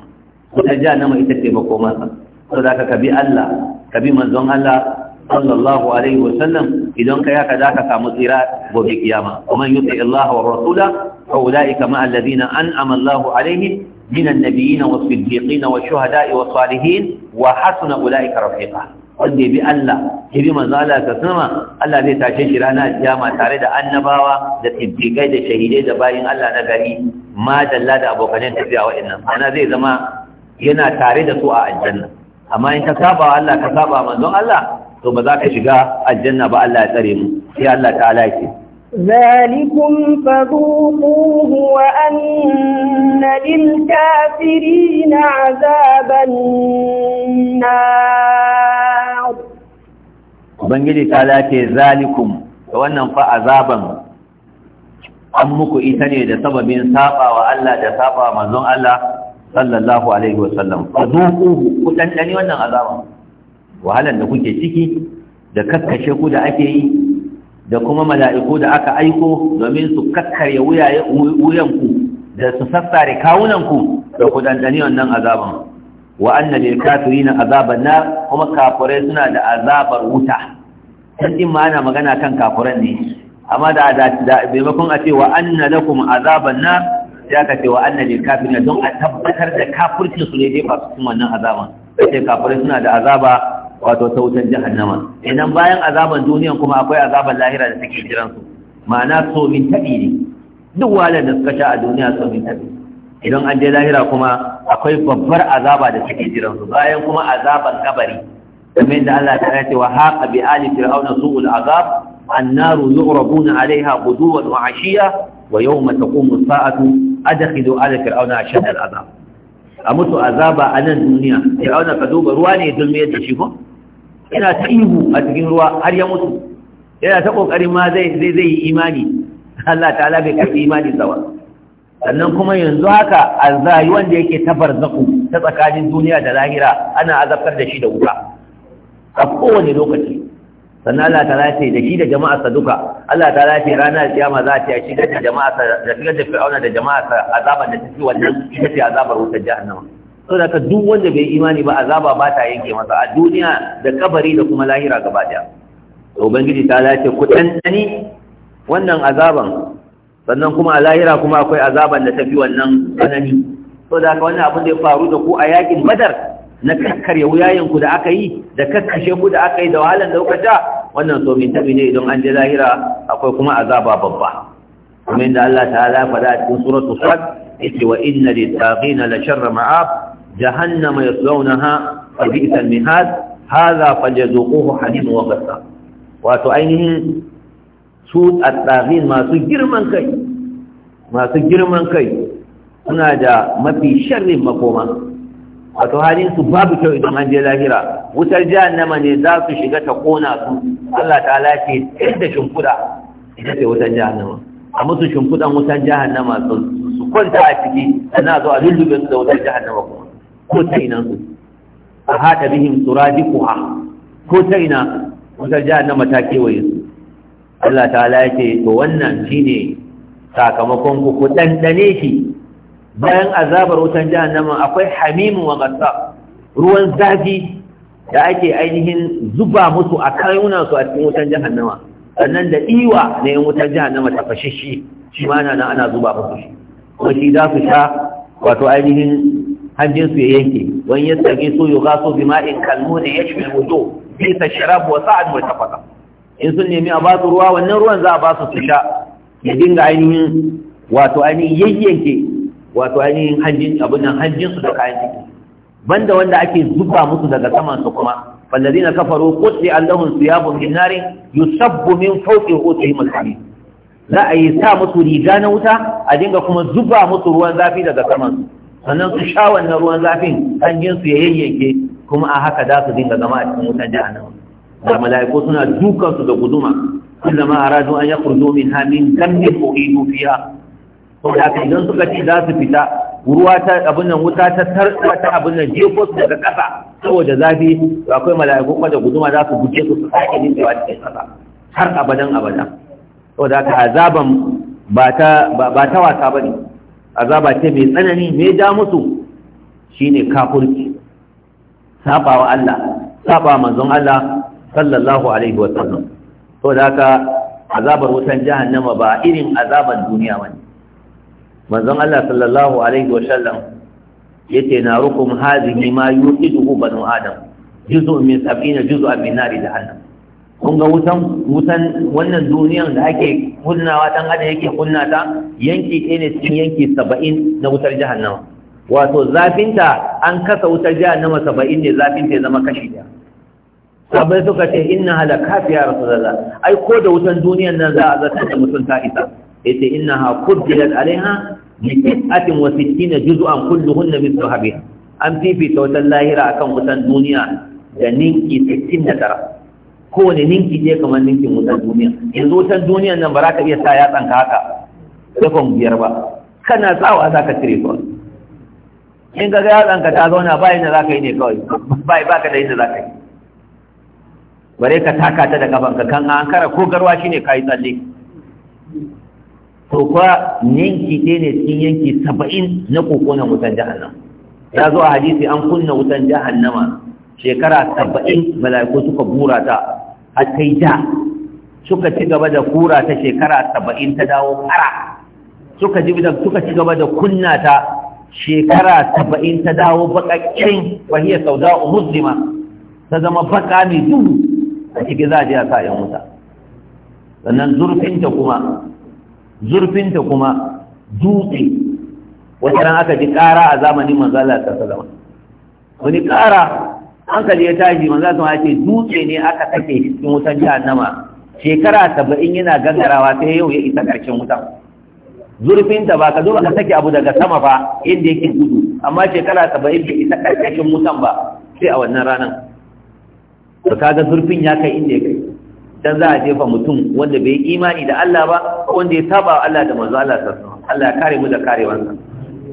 wutar jahannama ita ce makomarsa so ka bi Allah ka bi manzon Allah sallallahu alaihi wasallam idan ka yaka za ka samu tsira gobe kiyama kuma yuti Allah wa rasula fa ulaika ma alladhina an'ama Allahu alaihim min an-nabiyyin was-siddiqin wash-shuhada'i was-salihin wa hasuna ulaika rafiqa wanda bi Allah ya bi manzo Allah ka sama Allah zai tashe shi rana kiyama tare da annabawa da siddiqai da shahidai da bayin Allah na gari ma dalla da abokan tafiya wa'annan ana zai zama yana tare da su a aljanna amma in ka saba wa Allah ka saba manzon Allah to ba za ka shiga aljanna ba Allah ya tsare mu sai Allah ta'ala yake wa فذوقوه وأن للكافرين عذاب النار Ubangiji ta lace zalikum ga wannan fa azaban an muku ita ne da sababin saba wa Allah da saba manzon Allah sallallahu alaihi wasallam ku zuku ku dandane wannan azaba wahalan da kuke ciki da kakkashe ku da ake yi da kuma mala'iku da aka aiko domin su kakkarye wuyanku da su sassare kawunanku da ku dandane wannan azaban wa anna lil kafirin azaban nar kuma kafirai suna da azabar wuta dan din ma ana magana kan kafiran ne amma da da maimakon a ce wa anna lakum azaban nar ya ka ce wa annalil kafirina don a tabbatar da kafircin su ne dai ba su cikin wannan azaban sai kafirai suna da azaba wato ta wutan jahannama idan bayan azaban duniyan kuma akwai azaban lahira da take jiran su ma'ana so min tabi ne duk wahalar da suka sha a duniya so min tabi idan an je lahira kuma akwai babbar azaba da take jiran su bayan kuma azaban kabari kamar yadda Allah ta ce wa haqa bi ali fir'auna su'ul azab annaru yu'rabuna 'alayha ghuduwan wa 'ashiya wa yawma taqumu as-sa'atu adkhidu ala fir'auna ashad al'azab a mutu azaba a nan duniya fir'auna ka duba ruwa ne don mayar da shi ko yana ta ihu a cikin ruwa har ya mutu yana ta kokari ma zai zai zai yi imani Allah ta'ala bai karbi imani sawa sannan kuma yanzu haka azayi wanda yake ta barzaku ta tsakanin duniya da lahira ana azabtar da shi da wuta a kowane lokaci sannan Allah ta lace da shi da jama'arsa duka Allah ta lace ranar kiyama za ta shigar da jama'arsa da shigar da fir'auna da jama'arsa azabar da take wannan ita ce azabar wutar jahannama saboda ka duk wanda bai imani ba azaba ba ta yanke masa a duniya da kabari da kuma lahira gaba daya to ubangiji ta lace ku dandani wannan azaban sannan kuma a lahira kuma akwai azaban da tafi wannan tsanani saboda ka wannan abin da ya faru da ku a yakin badar na kakkarya wuyayenku da aka yi da kakkashe ku da aka yi da wahalar da wannan so min tabi ne idan an je lahira akwai kuma azaba babba kuma inda Allah ta'ala ya faɗa cikin suratul sad yace wa inna lit-taghina la sharra ma'ab jahannama yaslawnaha fa bi'sal mihad hadha fajazuquhu hadin wa qasa wato ainihin su at-taghin masu girman kai masu girman kai suna da mafi sharrin makoma wato halin su babu kyau idan an je lahira wutar jahannama ne za su shiga ta kona su Allah ta ce inda shimfuda ita ce wutar jahannama a musu shimfudan wutar jahannama su kwanta a ciki sannan zo a lullube su da wutar jahannama kuma ko ta ina su a haɗa bihim suradiquha ko ta ina wutar jahannama ta kewaye su Allah ta ya ce to wannan shine sakamakon ku ku dandane shi bayan azabar wutan jahannama akwai hamimu wa gasa ruwan zafi da ake ainihin zuba musu a kayuna su a cikin wutan jahannama sannan da iwa na yin wutan jahannama ta fashe shi ma na ana zuba musu shi kuma shi za su sha wato ainihin hanjin su ya yanke wani ya sage so ya su bima in kalmu ne ya shi wuto bi ta sharab wa sa'ad tafasa. in sun nemi a ba su ruwa wannan ruwan za a ba su su sha ya dinga ainihin wato ainihin yayyanke wato ainihin hanjin abin nan hanjin su da kayan ciki banda wanda ake zuba musu daga saman su kuma fallazina Allahun su ya thiyabun min nar yusabbu min fawqi qutihim al za a yi sa musu riga na wuta a dinga kuma zuba musu ruwan zafi daga saman su sannan su sha wannan ruwan zafin hanjin su ya yayyanke kuma a haka za su dinga zama a cikin wutan jahannama da mala'iku suna dukan su da guduma kullama aradu an yakhruju minha min dammin uhidu fiha saboda haka idan suka ce za su fita ruwa ta abin nan wuta ta tarɗa ta abin nan jefo su daga ƙasa saboda zafi to akwai mala'iku kuma da guduma za su guje su su sake da wani ƙasa har abadan abadan saboda haka azaban ba ta wasa ba ne azaba ce mai tsanani mai da musu shine kafurci wa Allah saba manzon Allah sallallahu alaihi wa sallam saboda haka azabar wutan jahannama ba irin azaban duniya bane manzon Allah sallallahu alaihi wa sallam yace na rukum hadhihi ma yuqidu banu adam juzu min sab'ina juzu min nari jahannam kun ga wutan wutan wannan duniyar da ake kunnawa dan adam yake kunna ta yanki ɗaya ne cikin yanki saba'in na wutar jahannama wato zafinta an kasa wutar jahannama saba'in ne zafinta ya zama kashi ɗaya sabai suka ce inna halaka fi ya rasulullah ai ko da wutan duniyar nan za a zata da mutum ta isa yace inna ha kudilat alaiha bi wa sittina juz'an kulluhunna mithlu habir an fifita wutan lahira akan wutan duniya da ninki 69 ne ninki je kamar ninkin wutan duniya yanzu wutan duniya nan ba za ka iya sa ya tsanka haka dafan biyar ba kana tsawa za ka cire kawai in ka ga yatsan ka ta zauna ba inda za ka yi ne kawai ba ba ka da inda za ka yi bare ka taka ta da kafanka kan an kara ko garwa shine kai tsalle to fa yanki ɗaya ne cikin yanki saba'in na kokonan wutan jahannama ya zo a hadisi an kunna wutan jahannama shekara saba'in mala'iku suka bura ta a kai da suka ci gaba da kura ta shekara saba'in ta dawo kara suka ji suka ci gaba da kunna ta shekara saba'in ta dawo baƙaƙƙen wahiyar sauda muslima ta zama baƙa mai duhu a ciki za a je a sa ‘yan wuta sannan zurfinta kuma zurfinta kuma dutse wata ran aka ji ƙara a zamanin manzala ta salama wani ƙara hankali ya tashi manzala ta ce dutse ne aka sake cikin wutan jahannama shekara saba'in yana gangarawa sai yau ya isa ƙarshen wutan zurfinta ba ka zo ba ka sake abu daga sama ba inda yake gudu amma shekara saba'in bai isa ƙarshen wutan ba sai a wannan ranar to kaga zurfin ya kai inda ya dan za a jefa mutum wanda bai yi imani da Allah ba wanda ya saba Allah da manzo Allah sallallahu Allah ya kare mu da karewansa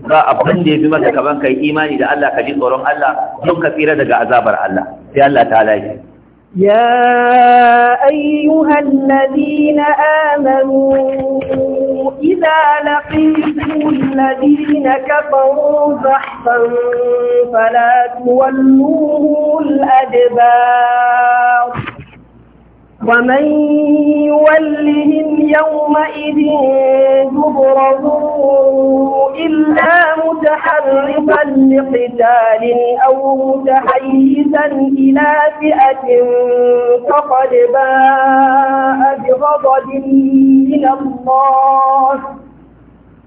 ba abin da ya fi maka gaban kai imani da Allah ka ji tsoron Allah don ka tsira daga azabar Allah sai Allah ta halaye يا أيها الذين آمنوا إذا لقيتم الذين كفروا زحفا فلا تولوه الأدبار ومن يولهم يومئذ جبره إلا متحرفا لقتال أو متحيزا إلى فئة فقد باء بغضب من الله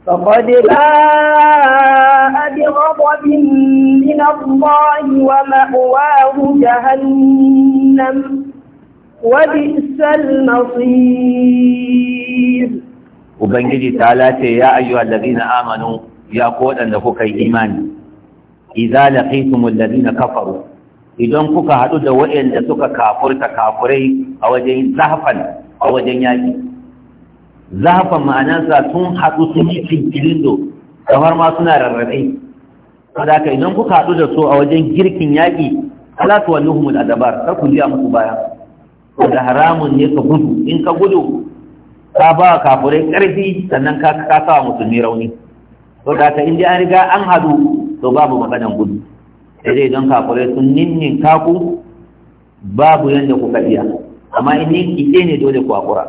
فقد باء بغضب من الله ومأواه جهنم وبئس المصير وبنجي تعالى يا أيها الذين آمنوا يا قول أن لكوك إيمان إذا لقيتم الذين كفروا idan kuka haɗu da da suka kafurta kafurai a wajen zahafan a wajen yaƙi zahafan ma'anansa sun haɗu sun yi cikin kamar ma suna rarrabe saboda idan kuka haɗu da su a wajen girkin yaƙi ala tuwalluhumul adabar kar ku a musu baya wanda haramun ne ka gudu in ka gudu ka ba kafurai karfi sannan ka ka sa musulmi rauni to da ta inda an riga an hadu to babu maganan gudu sai dai don kafurai sun ninnin kaku babu yanda kuka iya amma in ninki ke ne dole ku hakura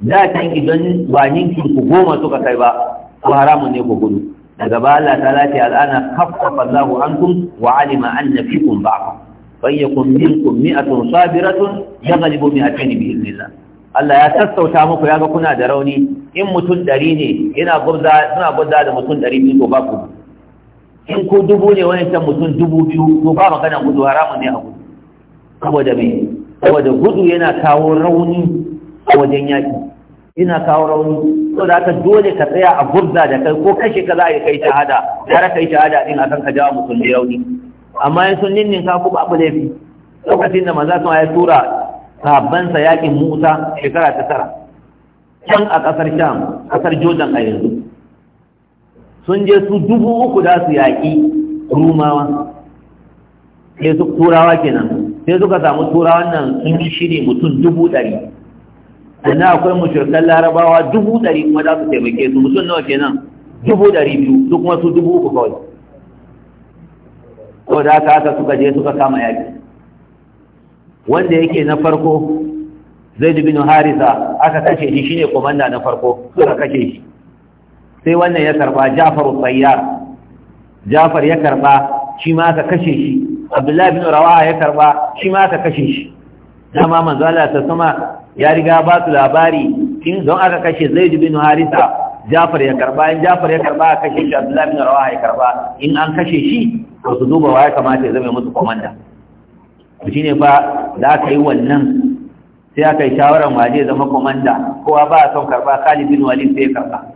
da can don ba ninki ku goma suka kai ba ko haramun ne ku gudu daga ba Allah ta lati al'ana kafafa Allahu ankum wa alima anna fikum ba'd fayyakun minkum mi'atun sabiratun yaghlibu mi'atayn bi Allah ya sassauta muku yaga kuna da rauni in mutum dari ne yana gurza suna gurza da mutum dari biyu to ba ku in ku dubu ne wani can mutum dubu biyu to ba magana gudu haramun ne a gudu saboda me saboda gudu yana kawo rauni a wajen yaki ina kawo rauni da ka dole ka tsaya a gurza da kai ko kashe ka za a yi kai shahada har kai shahada din akan ka jawo mutum da rauni amma in sun ninka ku babu laifi lokacin da maza sun ya tura sahabbansa yakin musa shekara ta tara can a kasar sham kasar jordan a yanzu sun je su dubu uku da su yaƙi rumawa sai su turawa kenan sai suka samu turawan nan sun yi shiri mutum dubu ɗari sannan akwai mushirkan larabawa dubu ɗari kuma za su taimake su mutum nawa kenan dubu ɗari biyu su kuma su dubu uku kawai ko da haka haka suka je suka kama yaki wanda yake na farko zaidu bin harisa aka kashe shi shine komanda na farko suka kashe shi sai wannan ya karba ja'far sayyar ja'far ya karba shi ma aka kashe shi abdullahi bin rawaha ya karba shi ma aka kashe shi dama manzo Allah ta sama ya riga ba su labari in don aka kashe zaidu bin harisa ja'far ya karba in ja'far ya karba aka kashe shi abdullahi bin rawaha ya karba in an kashe shi to su duba wa ya kamata ya zama musu komanda shi ne ba za ka yi wannan sai aka yi shawarar waje zama komanda kowa ba a son karba khalid bin walid sai ya karba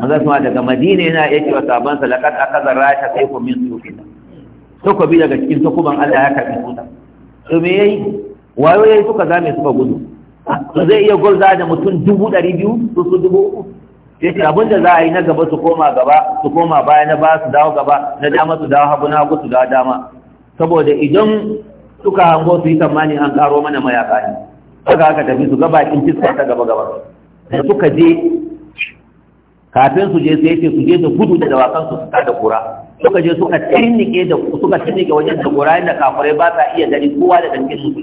maza su daga madina yana yake wa sabon salakat aka zarra ta sai ku min sufi bi daga cikin takuban Allah ya karbi su to me yayi wayo yayi suka zame ba gudu ba zai iya gurza da mutum dubu ɗari biyu su su dubu uku ce abin da za a yi na gaba su koma gaba su koma baya na ba su dawo gaba na dama su dawo hagu na hagu su dawo dama saboda idan suka hango su yi tsammanin an karo mana mayaka ne suka haka tafi su gaba in fiskar ta gaba gaba da suka je kafin su je sai ce su je da gudu da dawakan su ta da kura suka je suka tinnike da suka tinnike wajen da kura inda kafurai ba sa iya gani kowa da dangin musulmi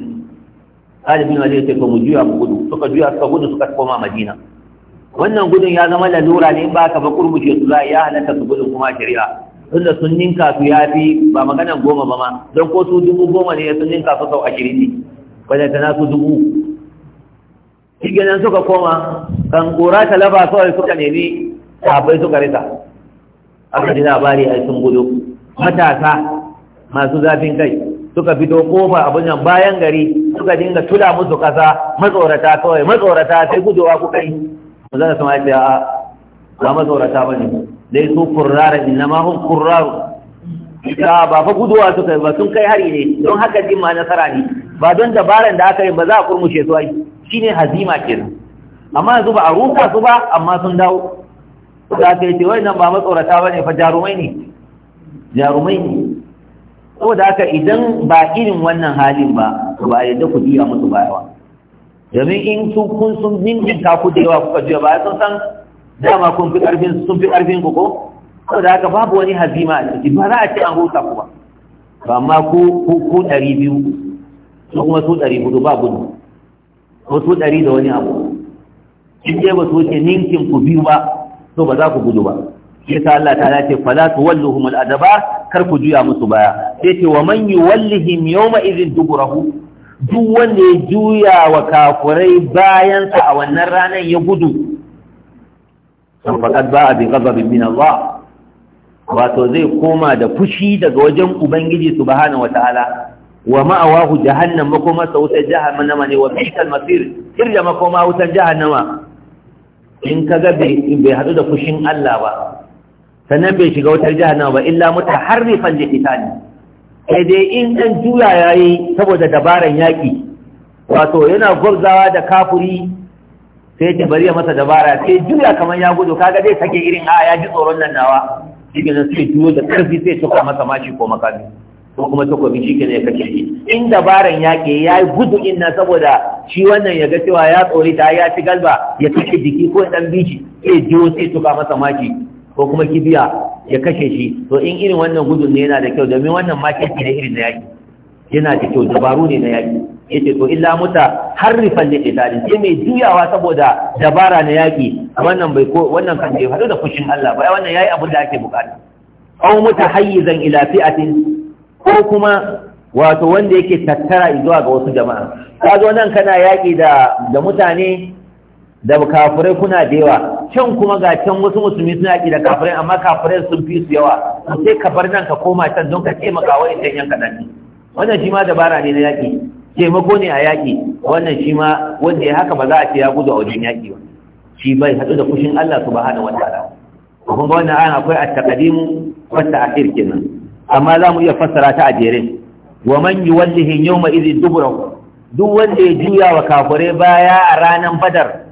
Ali bin Ali ya ce ko mu juya mu gudu suka juya suka gudu suka koma Madina wannan gudun ya zama lalura ne ba ka ba kurmuce su za ya halatta su gudun kuma shari'a tunda sun ninka su ya fi ba maganan goma ba ma don ko su dubu goma ne sun ninka su sau ashirin ne wadda ta su dubu shi ganin suka koma kan kura talaba kawai suka nemi tafai suka rita aka ji labari a sun gudu matasa masu zafin kai suka fito kofa abin nan bayan gari suka dinga tula musu kasa matsorata kawai matsorata sai gudowa kuka yi manzon sama yake a ba mazaurata ba ne dai su kurrara inna ma hum kurraru Ita ba fa guduwa suka ba sun kai hari ne don haka jin ma nasara ne ba don dabaran da aka yi ba za a kurmushe su ai shine hazima kenan amma yanzu ba a ruka su ba amma sun dawo da ta yi wai nan ba matsorata bane fa jarumai ne jarumai ne saboda haka idan ba irin wannan halin ba ba yadda ku biya musu bayawa domin in sun kun sun ninninka ku da yawa kuka juya ba sun san dama kun fi ƙarfin sun fi ƙarfin ku ko saboda haka babu wani hazima a ciki ba za a ce an huta ku ba ba amma ku ku ɗari biyu su kuma su ɗari hudu ba gudu ko su ɗari da wani abu in je ba su wuce ninkin ku biyu ba to ba za ku gudu ba yasa Allah ta ce fala tuwalluhum al-adbar kar ku juya musu baya sai ce wa man yuwallihim yawma idhin duburahu duk wanda ya juya wa kafurai bayansa a wannan ranar ya gudu san faƙad ba a bi gazabin min Allah wato zai koma da fushi daga wajen ubangiji subhanahu wataala wa ma'awahu jahannam makoma sa wutar jahannama ne wa bi'sal masir kirja makoma wutan jahannama in kaga bai hadu da fushin Allah ba sannan bai shiga wutar jahannama ba illa mutaharrifan li sai dai in ɗan juya ya yi saboda dabaran yaƙi wato yana gwabzawa da kafuri sai ta bari ya masa dabara sai juya kamar ya gudu kaga zai sake irin a ya ji tsoron nan nawa shi nan sai juyo da ƙarfi sai tuka masa mashi ko makami ko kuma takobi shi ke ya kashe shi in dabaran yaƙi ya yi gudu in na saboda shi wannan ya ga cewa ya tsori ta ya ci galba ya kashe jiki ko ɗan bishi sai juyo sai tuka masa mashi ko kuma kibiya ya kashe shi to in irin wannan gudun ne yana da kyau domin wannan makirci ne irin na yaƙi yana da kyau dabaru ne na yaƙi yace to illa muta harrifan da qitalin sai mai juyawa saboda dabara na yaƙi wannan bai ko wannan kan bai hadu da fushin Allah ba wannan yayi abin da ake bukata aw mutahayyizan ila fi'atin ko kuma wato wanda yake tattara zuwa ga wasu jama'a kaga wannan kana yaƙi da da mutane da kafirai kuna da yawa can kuma ga can wasu musulmi suna yaƙi da kafirai amma kafirai sun fi su yawa to sai ka bar nan ka koma can don ka taimaka wa ita yan kaɗan wannan shi ma dabara ne na yaƙi taimako ne a yaƙi wannan shi ma wanda ya haka ba za a ce ya gudu a wajen yaƙi ba shi bai haɗu da fushin Allah su ba hana wata kun kuma wannan ayan akwai a taqdim wata a kirkin nan. amma za mu iya fassara ta a jere wa man wallihin yau ma dubura duk wanda ya juya wa kafirai baya a ranar badar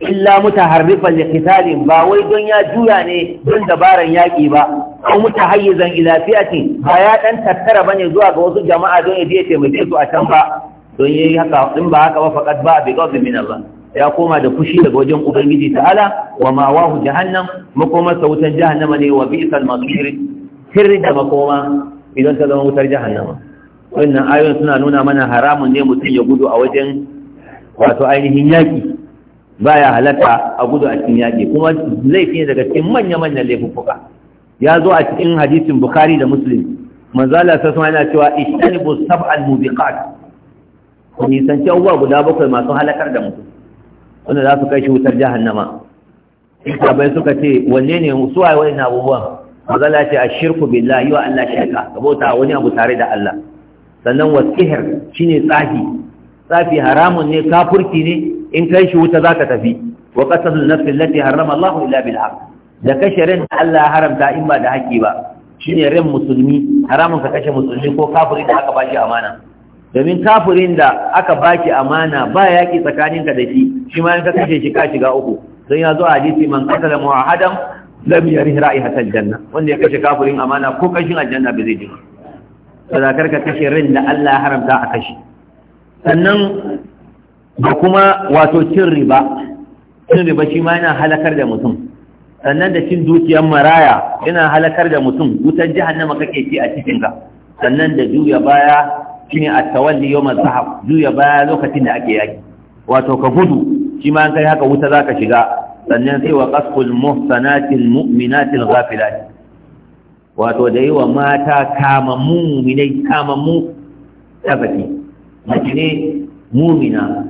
illa mutaharrifan liqitalin ba wai don ya juya ne don dabaran yaki ba ko mutahayyizan ila fiati ba ya dan tattara bane zuwa ga wasu jama'a don ya je taimake su a can ba don yayi haka in ba haka ba faqad ba bi ghadab min Allah ya koma da fushi daga wajen ubangiji ta'ala wa ma wahu jahannam makoma sautan jahannama ne wa bi'sal masir sirri da makoma idan ta zama wutar jahannama wannan ayoyin suna nuna mana haramun ne mutum ya gudu a wajen wato ainihin yaki baya halatta a gudu a cikin yaƙi kuma laifi ne daga cikin manya-manyan laifuka ya zo a cikin hadisin bukari da muslim manzala ta suna yana cewa ishtanibu sab'al mubiqat ku nisanci abubuwa guda bakwai masu halakar da mutum wanda za su kai shi wutar jahannama sabai suka ce wanne ne su waye wani abubuwan manzala ce a shirku billahi wa allah shirka kabota wani abu tare da allah sannan wasihir shine tsafi tsafi haramun ne kafurki ne in kai shi wuta za ka tafi wa kasar nafsi allati harrama Allahu illa bil da kashe ran da Allah ya haramta in ba da haƙƙi ba shine ran musulmi haramun ka kashe musulmi ko kafirin da aka ba shi amana domin kafirin da aka ba shi amana ba yaƙi tsakaninka da shi shi ma ka kashe shi ka shiga uku don ya zo a hadisi man qatala mu'ahadan lam yarih ra'ihatal janna wanda ya kashe kafirin amana ko kashin aljanna ba zai ji ba sadakar ka kashe ran da Allah ya haramta a kashe sannan da kuma wato cin riba cin riba shi ma yana halakar da mutum sannan da cin dukiyar maraya yana halakar da mutum wutar jahannama kake ci a cikin ka sannan da juya baya shine a tawalli yau az-zahab juya baya lokacin da ake yaki wato ka gudu shi ma kai haka wuta za ka shiga sannan sai wa qasful muhsanatin mu'minatin ghafilat wato da yi wa mata kamammu muminai kamammu tabbati mace ne mumina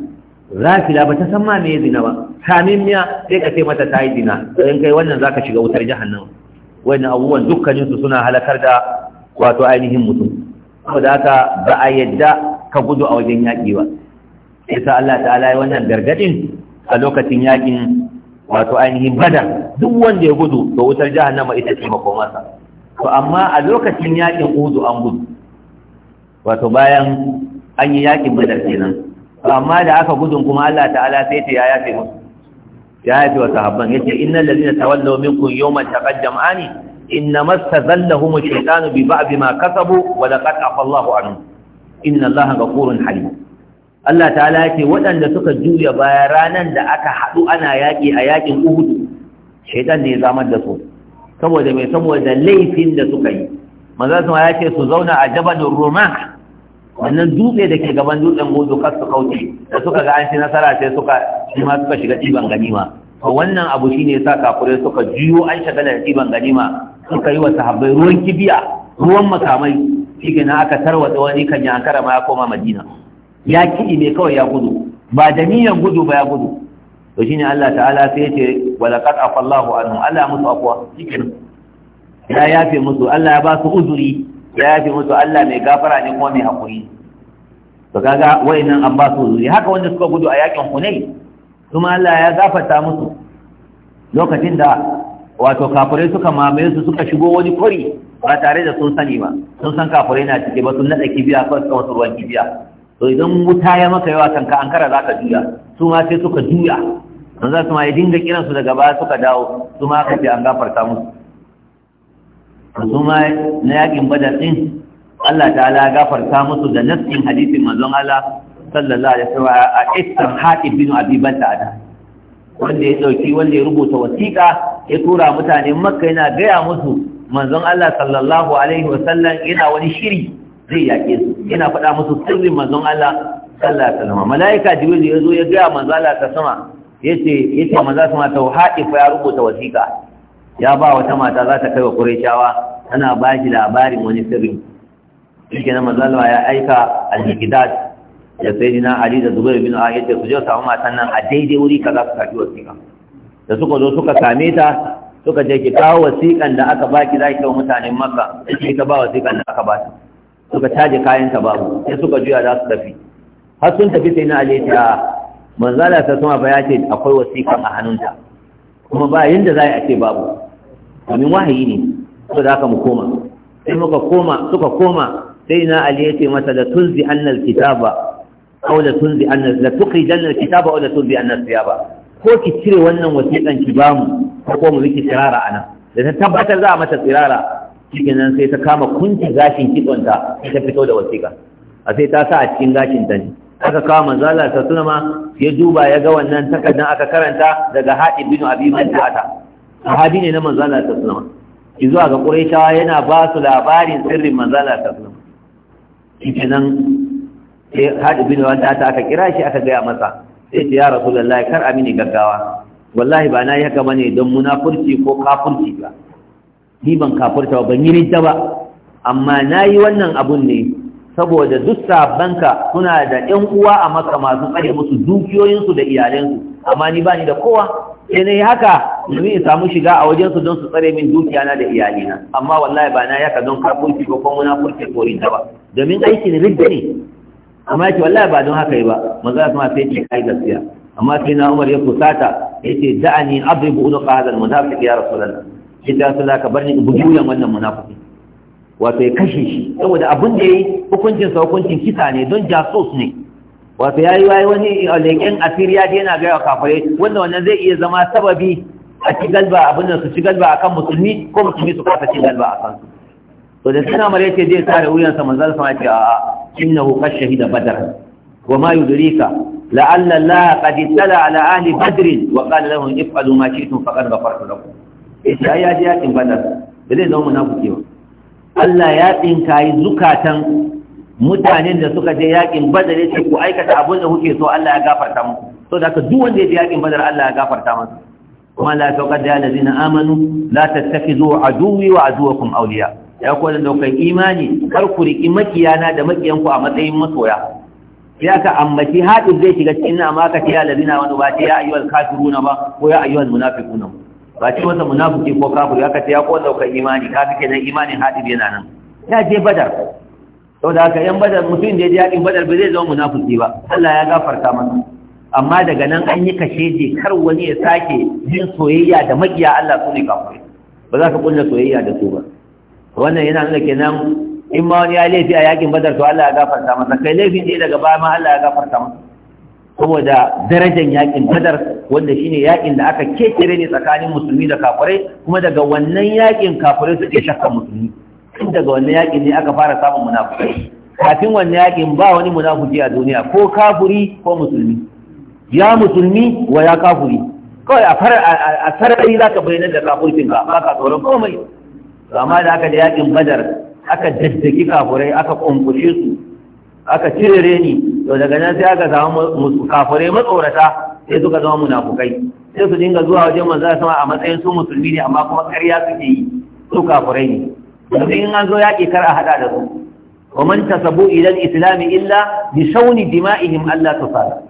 rafila ba ta san ma me zina ba kamin miya sai ka ce mata ta yi zina in kai wannan zaka shiga wutar jahannam wannan abubuwan dukkanin su suna halakar da wato ainihin mutum saboda haka ba a yadda ka gudu a wajen yaƙi ba sai sa Allah ta'ala ya wannan gargadin a lokacin yaƙin wato ainihin badar duk wanda ya gudu to wutar jahannama ita ce masa. to amma a lokacin yaƙin uhudu an gudu wato bayan an yi yaƙin badar kenan amma da aka gudun kuma Allah ta'ala sai ta ya yafe musu ya yafe wa sahabban yace innal ladina tawallaw minkum yawman taqaddam ani innama stazallahum ash-shaytanu bi ba'd ma kasabu wa laqad afa fallahu anhum inna Allaha kurun halim Allah ta'ala ya ce waɗanda suka juya baya ranar da aka hadu ana yaƙi a yaƙin Uhud shaytan ne zamar da su saboda mai saboda laifin da suka yi manzo ya ce su zauna a jabalur rumah wannan dutse da ke gaban dutsen gozo kar su kauce da suka ga an ci nasara sai suka shi ma suka shiga ɗiban ganima to wannan abu shine sa kafure suka juyo an shiga da ɗiban ganima suka yi wa sahabbai ruwan kibiya ruwan makamai shi na aka tarwatsa wani kan ya ankara ma ya koma madina ya kiɗi ne kawai ya gudu ba da niyan gudu ba ya gudu to shine Allah ta'ala sai ya ce walaqad afallahu anhu Allah musu afwa shikenan ya yafe musu Allah ya ba su uzuri ya yafi musu Allah mai gafara ne kuma mai hakuri to kaga wayannan an ba su zuri haka wanda suka gudu a yakin Hunayn kuma Allah ya gafarta musu lokacin da wato kafirai suka mamaye su suka shigo wani kori ba tare da sun sani ba sun san kafirai na cike ba sun nada kibiya ko suka wasu ruwan kibiya to idan wuta ya maka yawa kanka an kara zaka juya su ma sai suka juya don za su ma ya dinga kiransu daga baya suka dawo su ma aka an gafarta musu su ma na yakin badar din Allah ta'ala gafarta musu da naskin hadisin manzon Allah sallallahu alaihi sallam a Isar Hatib bin Abi Balda wanda ya dauki wanda ya rubuta wasiƙa ya tura mutane Makka yana gaya musu manzon Allah sallallahu alaihi wa Sallam, yana wani shiri zai yake su yana faɗa musu sirrin manzon Allah sallallahu alaihi sallam malaika jibril ya zo ya ga manzon Allah ta sama yace yace manzon ta tauhadi fa ya rubuta wasiƙa ya ba wata mata za ta kai wa ƙurayshawa tana ba shi labarin wani sirri shi na mazalwa ya aika al-hikdat da dina ali da Zubairu bin a yadda su je samu matan nan a daidai wuri ka za su tafi wasiƙa da suka zo suka same ta suka je ki kawo wasiƙan da aka baki za ki kawo mutanen makka sai ka ba wasiƙan da aka ba ta suka caje kayan ta babu sai suka juya za su tafi har sun tafi sai na ali ta ah, manzala ta suma ba ya ce akwai wasiƙan a hannunta kuma ba yanda za a ce babu kamin wahayi ne to da aka mu koma sai muka koma suka koma sai na ali ya ce masa la tunzi annal kitaba aw la tunzi annal la tukhrijanna kitaba aw la tunzi annal siyaba ko ki cire wannan wasiƙan ki bamu ko ko mu miki tsirara anan da ta tabbatar za a mata tsirara cikin nan sai ta kama kunci gashin kitsonta sai ta fito da wasiƙa a sai ta sa a cikin gashin ta ne aka kawo manzala ta suna ma ya duba ya ga wannan takardar aka karanta daga haɗi binu abi manta'ata sahabi ne na manzala ta Ki izuwa ga quraishawa yana ba su labarin sirrin manzala ta sallama kenan sai hadi bin wanda ta aka kira shi aka gaya masa sai ya lallai kar a mini gaggawa wallahi ba na yi haka bane don munafurci ko kafurci ba ni ban kafurta ban yi rinta ba amma na yi wannan abun ne saboda duk sabanka suna da ƴan uwa a maka masu tsare musu dukiyoyinsu da iyalansu amma ni bani da kowa sai dai haka domin in samu shiga a wajen su don su tsare min dukiya na da iyalina amma wallahi ba na yaka don kafurci ko kuma na furci korin ta ba domin aikin ridda ne amma ki wallahi ba don haka yi ba maza kuma sai ce kai gaskiya amma sai na Umar ya kusata yace da'ani adribu unuqa hada almunafiq ya rasulullah idan sai ka bar ni bujuyan wannan munafiki wato ya kashe shi saboda abin da yayi hukuncin sa hukuncin kisa ne don jasus ne wato ya yi wani leƙen asiri ya daina gaya wa kafirai wanda wannan zai iya zama sababi a ci galba abin da su ci galba akan musulmi ko musulmi su kasa ci galba akan su to da suna mare ce zai tare wuyansa manzal sama ce a innahu qad shahida badar wa ma yudrika la'alla allaha qad tala ala ahli badr wa qala lahum if'alu ma shi'tum faqad ghafartu lakum eh sai ya ji yakin badar da zai zama munafiki ba Allah ya tsinkayi zukatan mutanen da suka je yakin badar yace ku aikata abin da kuke so Allah ya gafarta muku so da ka duk wanda ya je yakin badar Allah ya gafarta masa kuma la taqad ya ladina amanu la tattakhizu aduwwi wa aduwakum awliya ya ku da kai imani kar ku riki makiyana da makiyanku a matsayin masoya ya ka ambaci hadin zai shiga cikin amma ka ya ladina wani ba ya ayyuhal kafiruna ba ko ya ayyuhal munafiquna ba ce wata munafiki ko kafir ya ka ya ku da kai imani ka kake imanin hadin yana nan ya je badar da haka yan badar mutum da ya ji yakin badar ba zai zama munafiki ba Allah ya gafarta masa amma daga nan an yi kasheje kar wani ya sake jin soyayya da maƙiya Allah su ne kafirai ba za ka kunna soyayya da su ba wannan yana nuna kenan in ma wani ya laifi a yakin badar to Allah ya gafarta masa kai laifin da daga baya ma Allah ya gafarta masa saboda darajar yakin badar wanda shine yakin da aka kekere ne tsakanin musulmi da kafirai kuma daga wannan yakin kafirai suke shakka musulmi tun daga wannan yaƙin ne aka fara samun munafukai kafin wannan yaƙin ba wani munafuki a duniya ko kafuri ko musulmi ya musulmi wa ya kafuri kawai a sarari za ka bayyana da ka ba ka tsoron komai amma da aka da yaƙin badar aka daddaki kafurai aka ƙunkushe su aka cire reni to daga nan sai aka samu kafurai matsorata sai suka zama munafukai sai su dinga zuwa wajen manzo sama a matsayin su musulmi ne amma kuma ƙarya suke yi su kafurai ne domin in an zo yaƙi kar a haɗa da su wa man tasabu ila al-islam illa bi shawni dima'ihim Allah tusala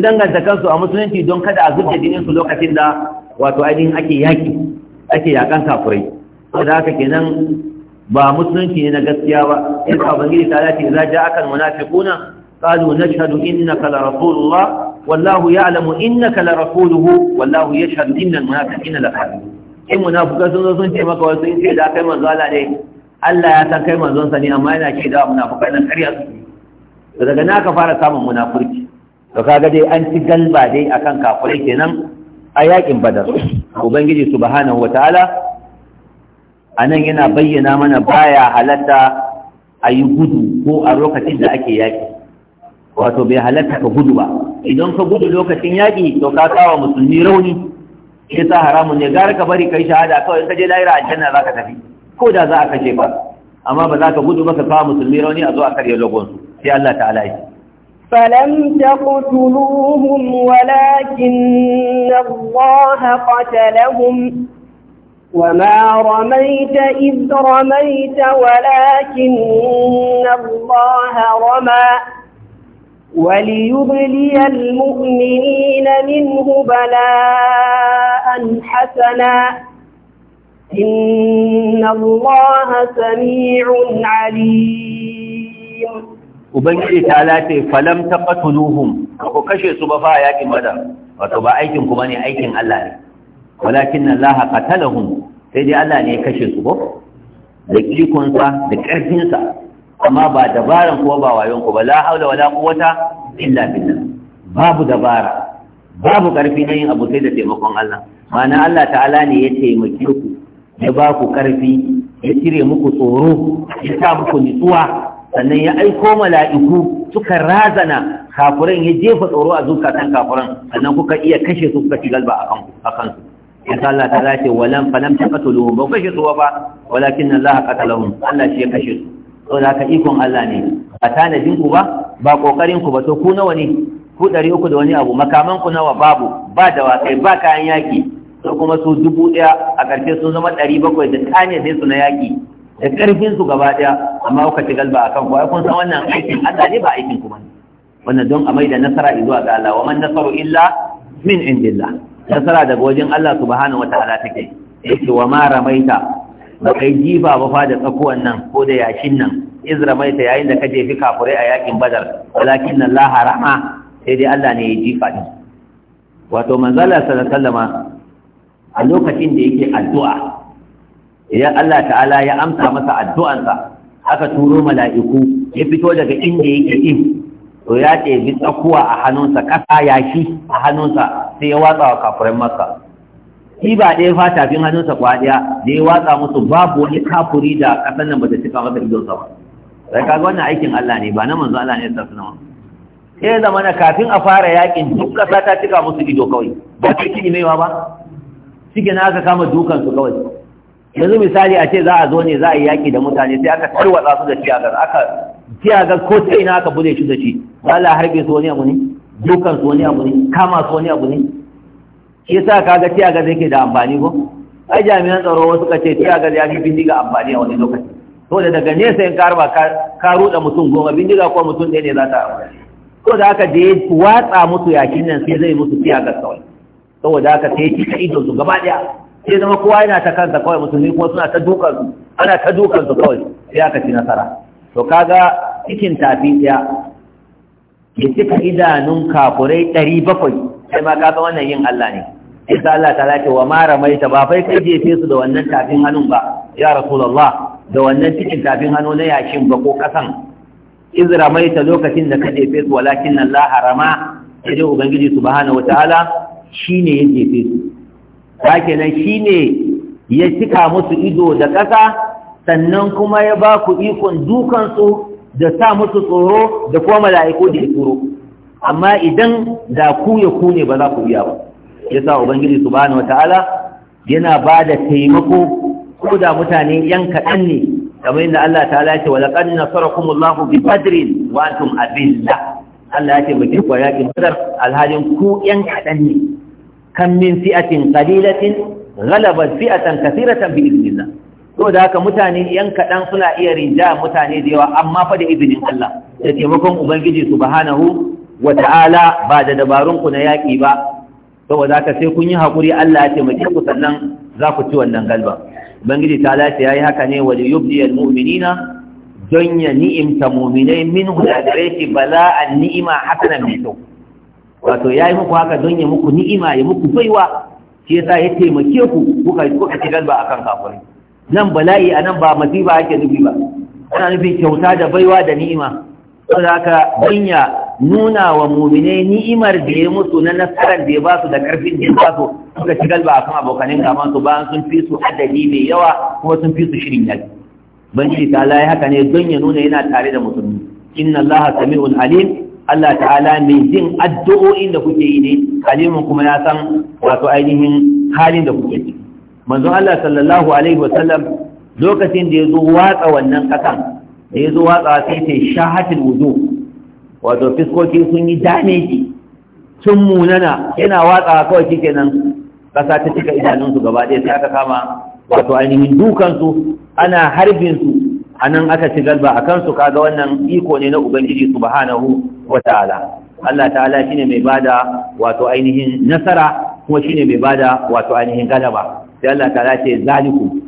danganta kansu a musulunci don kada a zubda jinin su lokacin da wato ainihin ake yaƙi ake yaƙan kafurai saboda haka kenan ba musulunci ne na gaskiya ba in ka bangiri ta lati za ja akan munafiquna qalu nashhadu innaka la rasulullah wallahu ya'lamu innaka la rasuluhu wallahu yashhadu innal munafiqina la kadhibun in munafuka sun zo sun ce maka wasu in ce da kai manzo Allah ne Allah ya san kai manzon sa ne amma yana ce da munafuka nan ƙarya su daga na ka fara samun munafurci to kaga dai an ci galba dai akan kafirai kenan a yakin badar ubangiji subhanahu wataala anan yana bayyana mana baya halatta a yi gudu ko a lokacin da ake yaki wato bai halatta ka gudu ba idan ka gudu lokacin yaki to ka kawo musulmi rauni shi sa haramun ne gara ka bari kai shahada kawai ka je a aljanna za ka tafi ko da za a kashe ba amma ba za ka gudu ba ka kawo musulmi rauni a zo a karya logon su sai Allah ta'ala ya فلم تقتلوهم ولكن الله قتلهم وما رميت إذ رميت ولكن الله رمى وليبلي المؤمنين منه بلاء حسنا إن الله سميع عليم Ubangiji ta lace falam taqatuluhum ko kashe su ba fa yakin bada wato ba aikin ku bane aikin Allah ne walakin Allah qatalahum sai dai Allah ne ya kashe su ba da ikon da karfin sa ba dabaran kuwa ba wayon ku ba la haula wala quwwata illa billah babu dabara babu karfi ne yin abu sai da taimakon Allah ma'ana Allah ta'ala ne ya taimake ku ya ba ku ƙarfi ya cire muku tsoro ya sa muku nutsuwa sannan ya aiko mala'iku suka razana kafuran ya jefa tsoro a zukatan kafuran sannan kuka iya kashe su kuka ci galba a kansu ya sa Allah ta'ala ce walam falam taqatuluhum ba kashe su ba walakin Allah qatalahum Allah shi ya kashe su da ka ikon Allah ne ba tanadin ku ba ba kokarin ku ba to ku nawa ne ku ɗari uku da wani abu makaman ku nawa babu ba kai, ba kayan yaki su kuma su dubu ɗaya a ƙarshe sun zama ɗari bakwai da kane sai su na yaƙi da ƙarfin su gaba ɗaya amma kuka ci galba akan ku ai kun san wannan aikin Allah ne ba aikin kuma ne wannan don a maida nasara izuwa ga Allah wa man nasaru illa min indillah nasara daga wajen Allah subhanahu wataala take yake wa ma ramaita ba kai jifa ba fa da tsakuwan nan ko da yashin nan iz ramaita yayin da ka jefi kafurai a yakin badar walakin Allah rahma sai dai Allah ne ya jifa din wato manzala sallallahu alaihi wasallama a lokacin da yake addu'a idan Allah ta'ala ya amsa masa addu'ansa aka turo mala'iku ya fito daga inda yake in to ya ɗebi tsakuwa a hannunsa ƙasa yashi a hannunsa sai ya watsa wa kafirin masa shi ba ɗaya fa tafin hannunsa kwa ɗaya da ya watsa musu babu wani kafuri da ƙasar nan ba ta cika masa sa ba sai kaga wannan aikin Allah ne ba na manzo Allah ne sa sunan sai zama na kafin a fara yakin duk ƙasa ta cika musu ido kawai ba ta ci ne ba shike na aka kama dukan su kawai yanzu misali a ce za a zo ne za a yi yaki da mutane sai aka tarwatsa su da shi aka ga ko ta ina aka bude shi da shi ba la harbe su wani abu ne dukan su wani abu ne kama su wani abu ne shi yasa kaga zai ke da amfani ko ai jami'an tsaro wasu ka ce ga ya fi bindiga amfani a wani lokaci to da daga nesa in karba ka ruɗa mutum goma bindiga ko mutum ɗaya ne za ta amfani? ko da aka je watsa musu yakin nan sai zai musu ga kawai saboda haka sai yake ta idon su gaba daya sai zama kowa yana ta kansa kawai musulmi kuma suna ta dukan su ana ta dukan su kawai sai aka ci nasara to kaga cikin tafi daya ya cika idanun kafurai ɗari bakwai sai ma kaga wannan yin Allah ne isa Allah ta lake wa mara mai ta ba fai kai jefe su da wannan tafin hannun ba ya rasulullah da wannan cikin tafin hannu na yashin ba ko kasan izra mai ta lokacin da ka jefe su walakin Allah harama sai ubangiji subhanahu wataala shi ne ya jefe su ba kenan shi ne ya cika musu ido da ƙasa sannan kuma ya ba ku ikon dukansu da sa musu tsoro da kuma mala'iku da tsoro amma idan da ku ya ku ne ba za ku iya ba ya sa ubangiji ba wata'ala yana ba da taimako ko da mutane yan kaɗan ne kamar yadda Allah ta'ala ce walaƙan nasarakumullahu bi badrin wa antum Allah ya ce ku badar alhalin ku yan kaɗan ne kan min fi'atin qalilatin ghalabat fi'atan kathiratan bi idnillah to da haka mutane yan kadan suna iya rinja mutane da yawa amma fa da izinin Allah da taimakon ubangiji subhanahu wa ta'ala ba da dabarun ku na yaki ba da haka sai kun yi hakuri Allah ya taimake ku sannan za ku ci wannan galba ubangiji ta ya yayi haka ne wa yubdi almu'minina don ya ni'imta mu'minai min hudadare bala'an ni'ima hasanan mai kyau wato ya yi muku haka don ya muku ni'ima ya muku baiwa shi yasa ya taimake ku kuka kuka ci galba akan kafirai nan bala'i a nan ba masifa ake nufi ba ana nufin kyauta da baiwa da ni'ima don haka dunya nuna wa mumine ni'imar da ya musu na nasarar da ya ba da karfin da ya su kuka ci galba akan abokanin gaman su bayan sun fi su adadi mai yawa kuma sun fi su shirin yaki banci ta layi haka ne don ya nuna yana tare da musulmi inna allaha sami'un alim Allah ta'ala mai jin addu'o'in da kuke yi ne halimu kuma ya san wato ainihin halin da kuke ciki manzo Allah sallallahu alaihi wasallam lokacin da ya zo watsa wannan kasan da ya watsa sai ta shahatul wudu wato fiskoki sun yi dameji sun munana yana watsa kawai shikenan kasa ta cika idanunsu gaba ɗaya sai aka kama wato ainihin dukansu ana harbin su anan aka ci galba a kansu kaga wannan iko ne na ubangiji subhanahu wataala Allah ta'ala shine mai bada wato ainihin nasara kuma shine mai bada wato ainihin galaba sai Allah ta'ala ce zalikum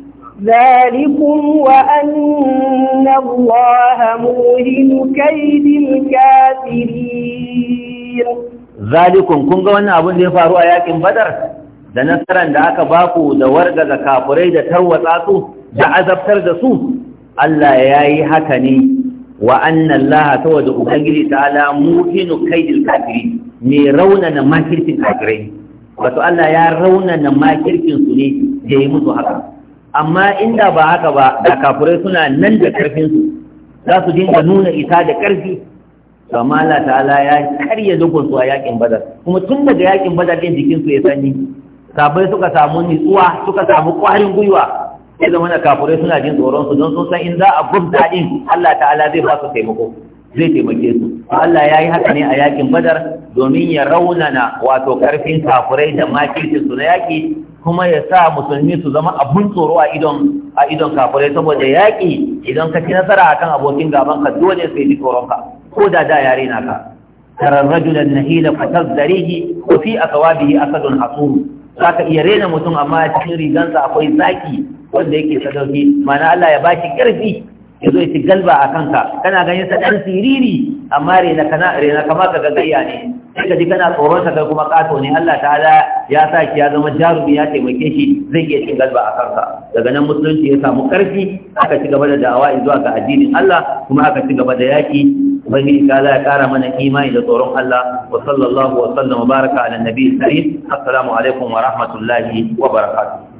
ذلكم وأن الله موهن كيد الكافرين ذلكم كنغا وانا أبن دي فارو آياكم بدر da nasaran da aka baku da wargaza kafurai da tarwatsa su da azabtar da su Allah ya yi haka ne wa annan laha ta wadda ubangiji ta ala muhinu kaidil kafiri mai raunana makirkin kafirai wato Allah ya raunana makirkin su ne da yi musu haka amma inda ba haka ba da kafirai suna nan da karfin su za su dinga nuna isa da karfi to amma Allah ta'ala ya karya dukkan su a yakin badar kuma tun daga yakin bazar din jikin ya sanyi sabai suka samu nutsuwa suka samu kwarin gwiwa sai zama na kafurai suna jin tsoron su don sun san in za a gubta din Allah ta'ala zai ba su taimako zai taimake su Allah ya yi haka ne a yakin badar domin ya raunana wato karfin kafurai da makircin su na yaki kuma ya sa musulmi su zama abun tsoro a idon a idon kafurai saboda yaki idan ka ci nasara akan abokin gaban ka dole sai ji tsoron ka ko da da yare na ka tarar rajulan nahila fatazzarihi wa fi akwabihi asadun hasum zaka iya rena mutum amma cikin rigansa akwai zaki wanda yake sadauki mana Allah ya bashi karfi ya zo ya galba a kanka kana ganin sa ɗan siriri amma rena kana rena kama ka gagayya ne sai ka ji kana tsoron sa kai kuma kato ne Allah ta'ala ya sa ki ya zama jarumi ya taimake shi zai iya cin galba a kanka daga nan musulunci ya samu karfi aka ci gaba da da'awa zuwa ga addinin Allah kuma aka ci gaba da yaki. ubangiji ta ya kara mana imani da tsoron Allah wa sallallahu wa sallama baraka ala nabiyyi sallallahu alaihi wa rahmatullahi wa barakatuh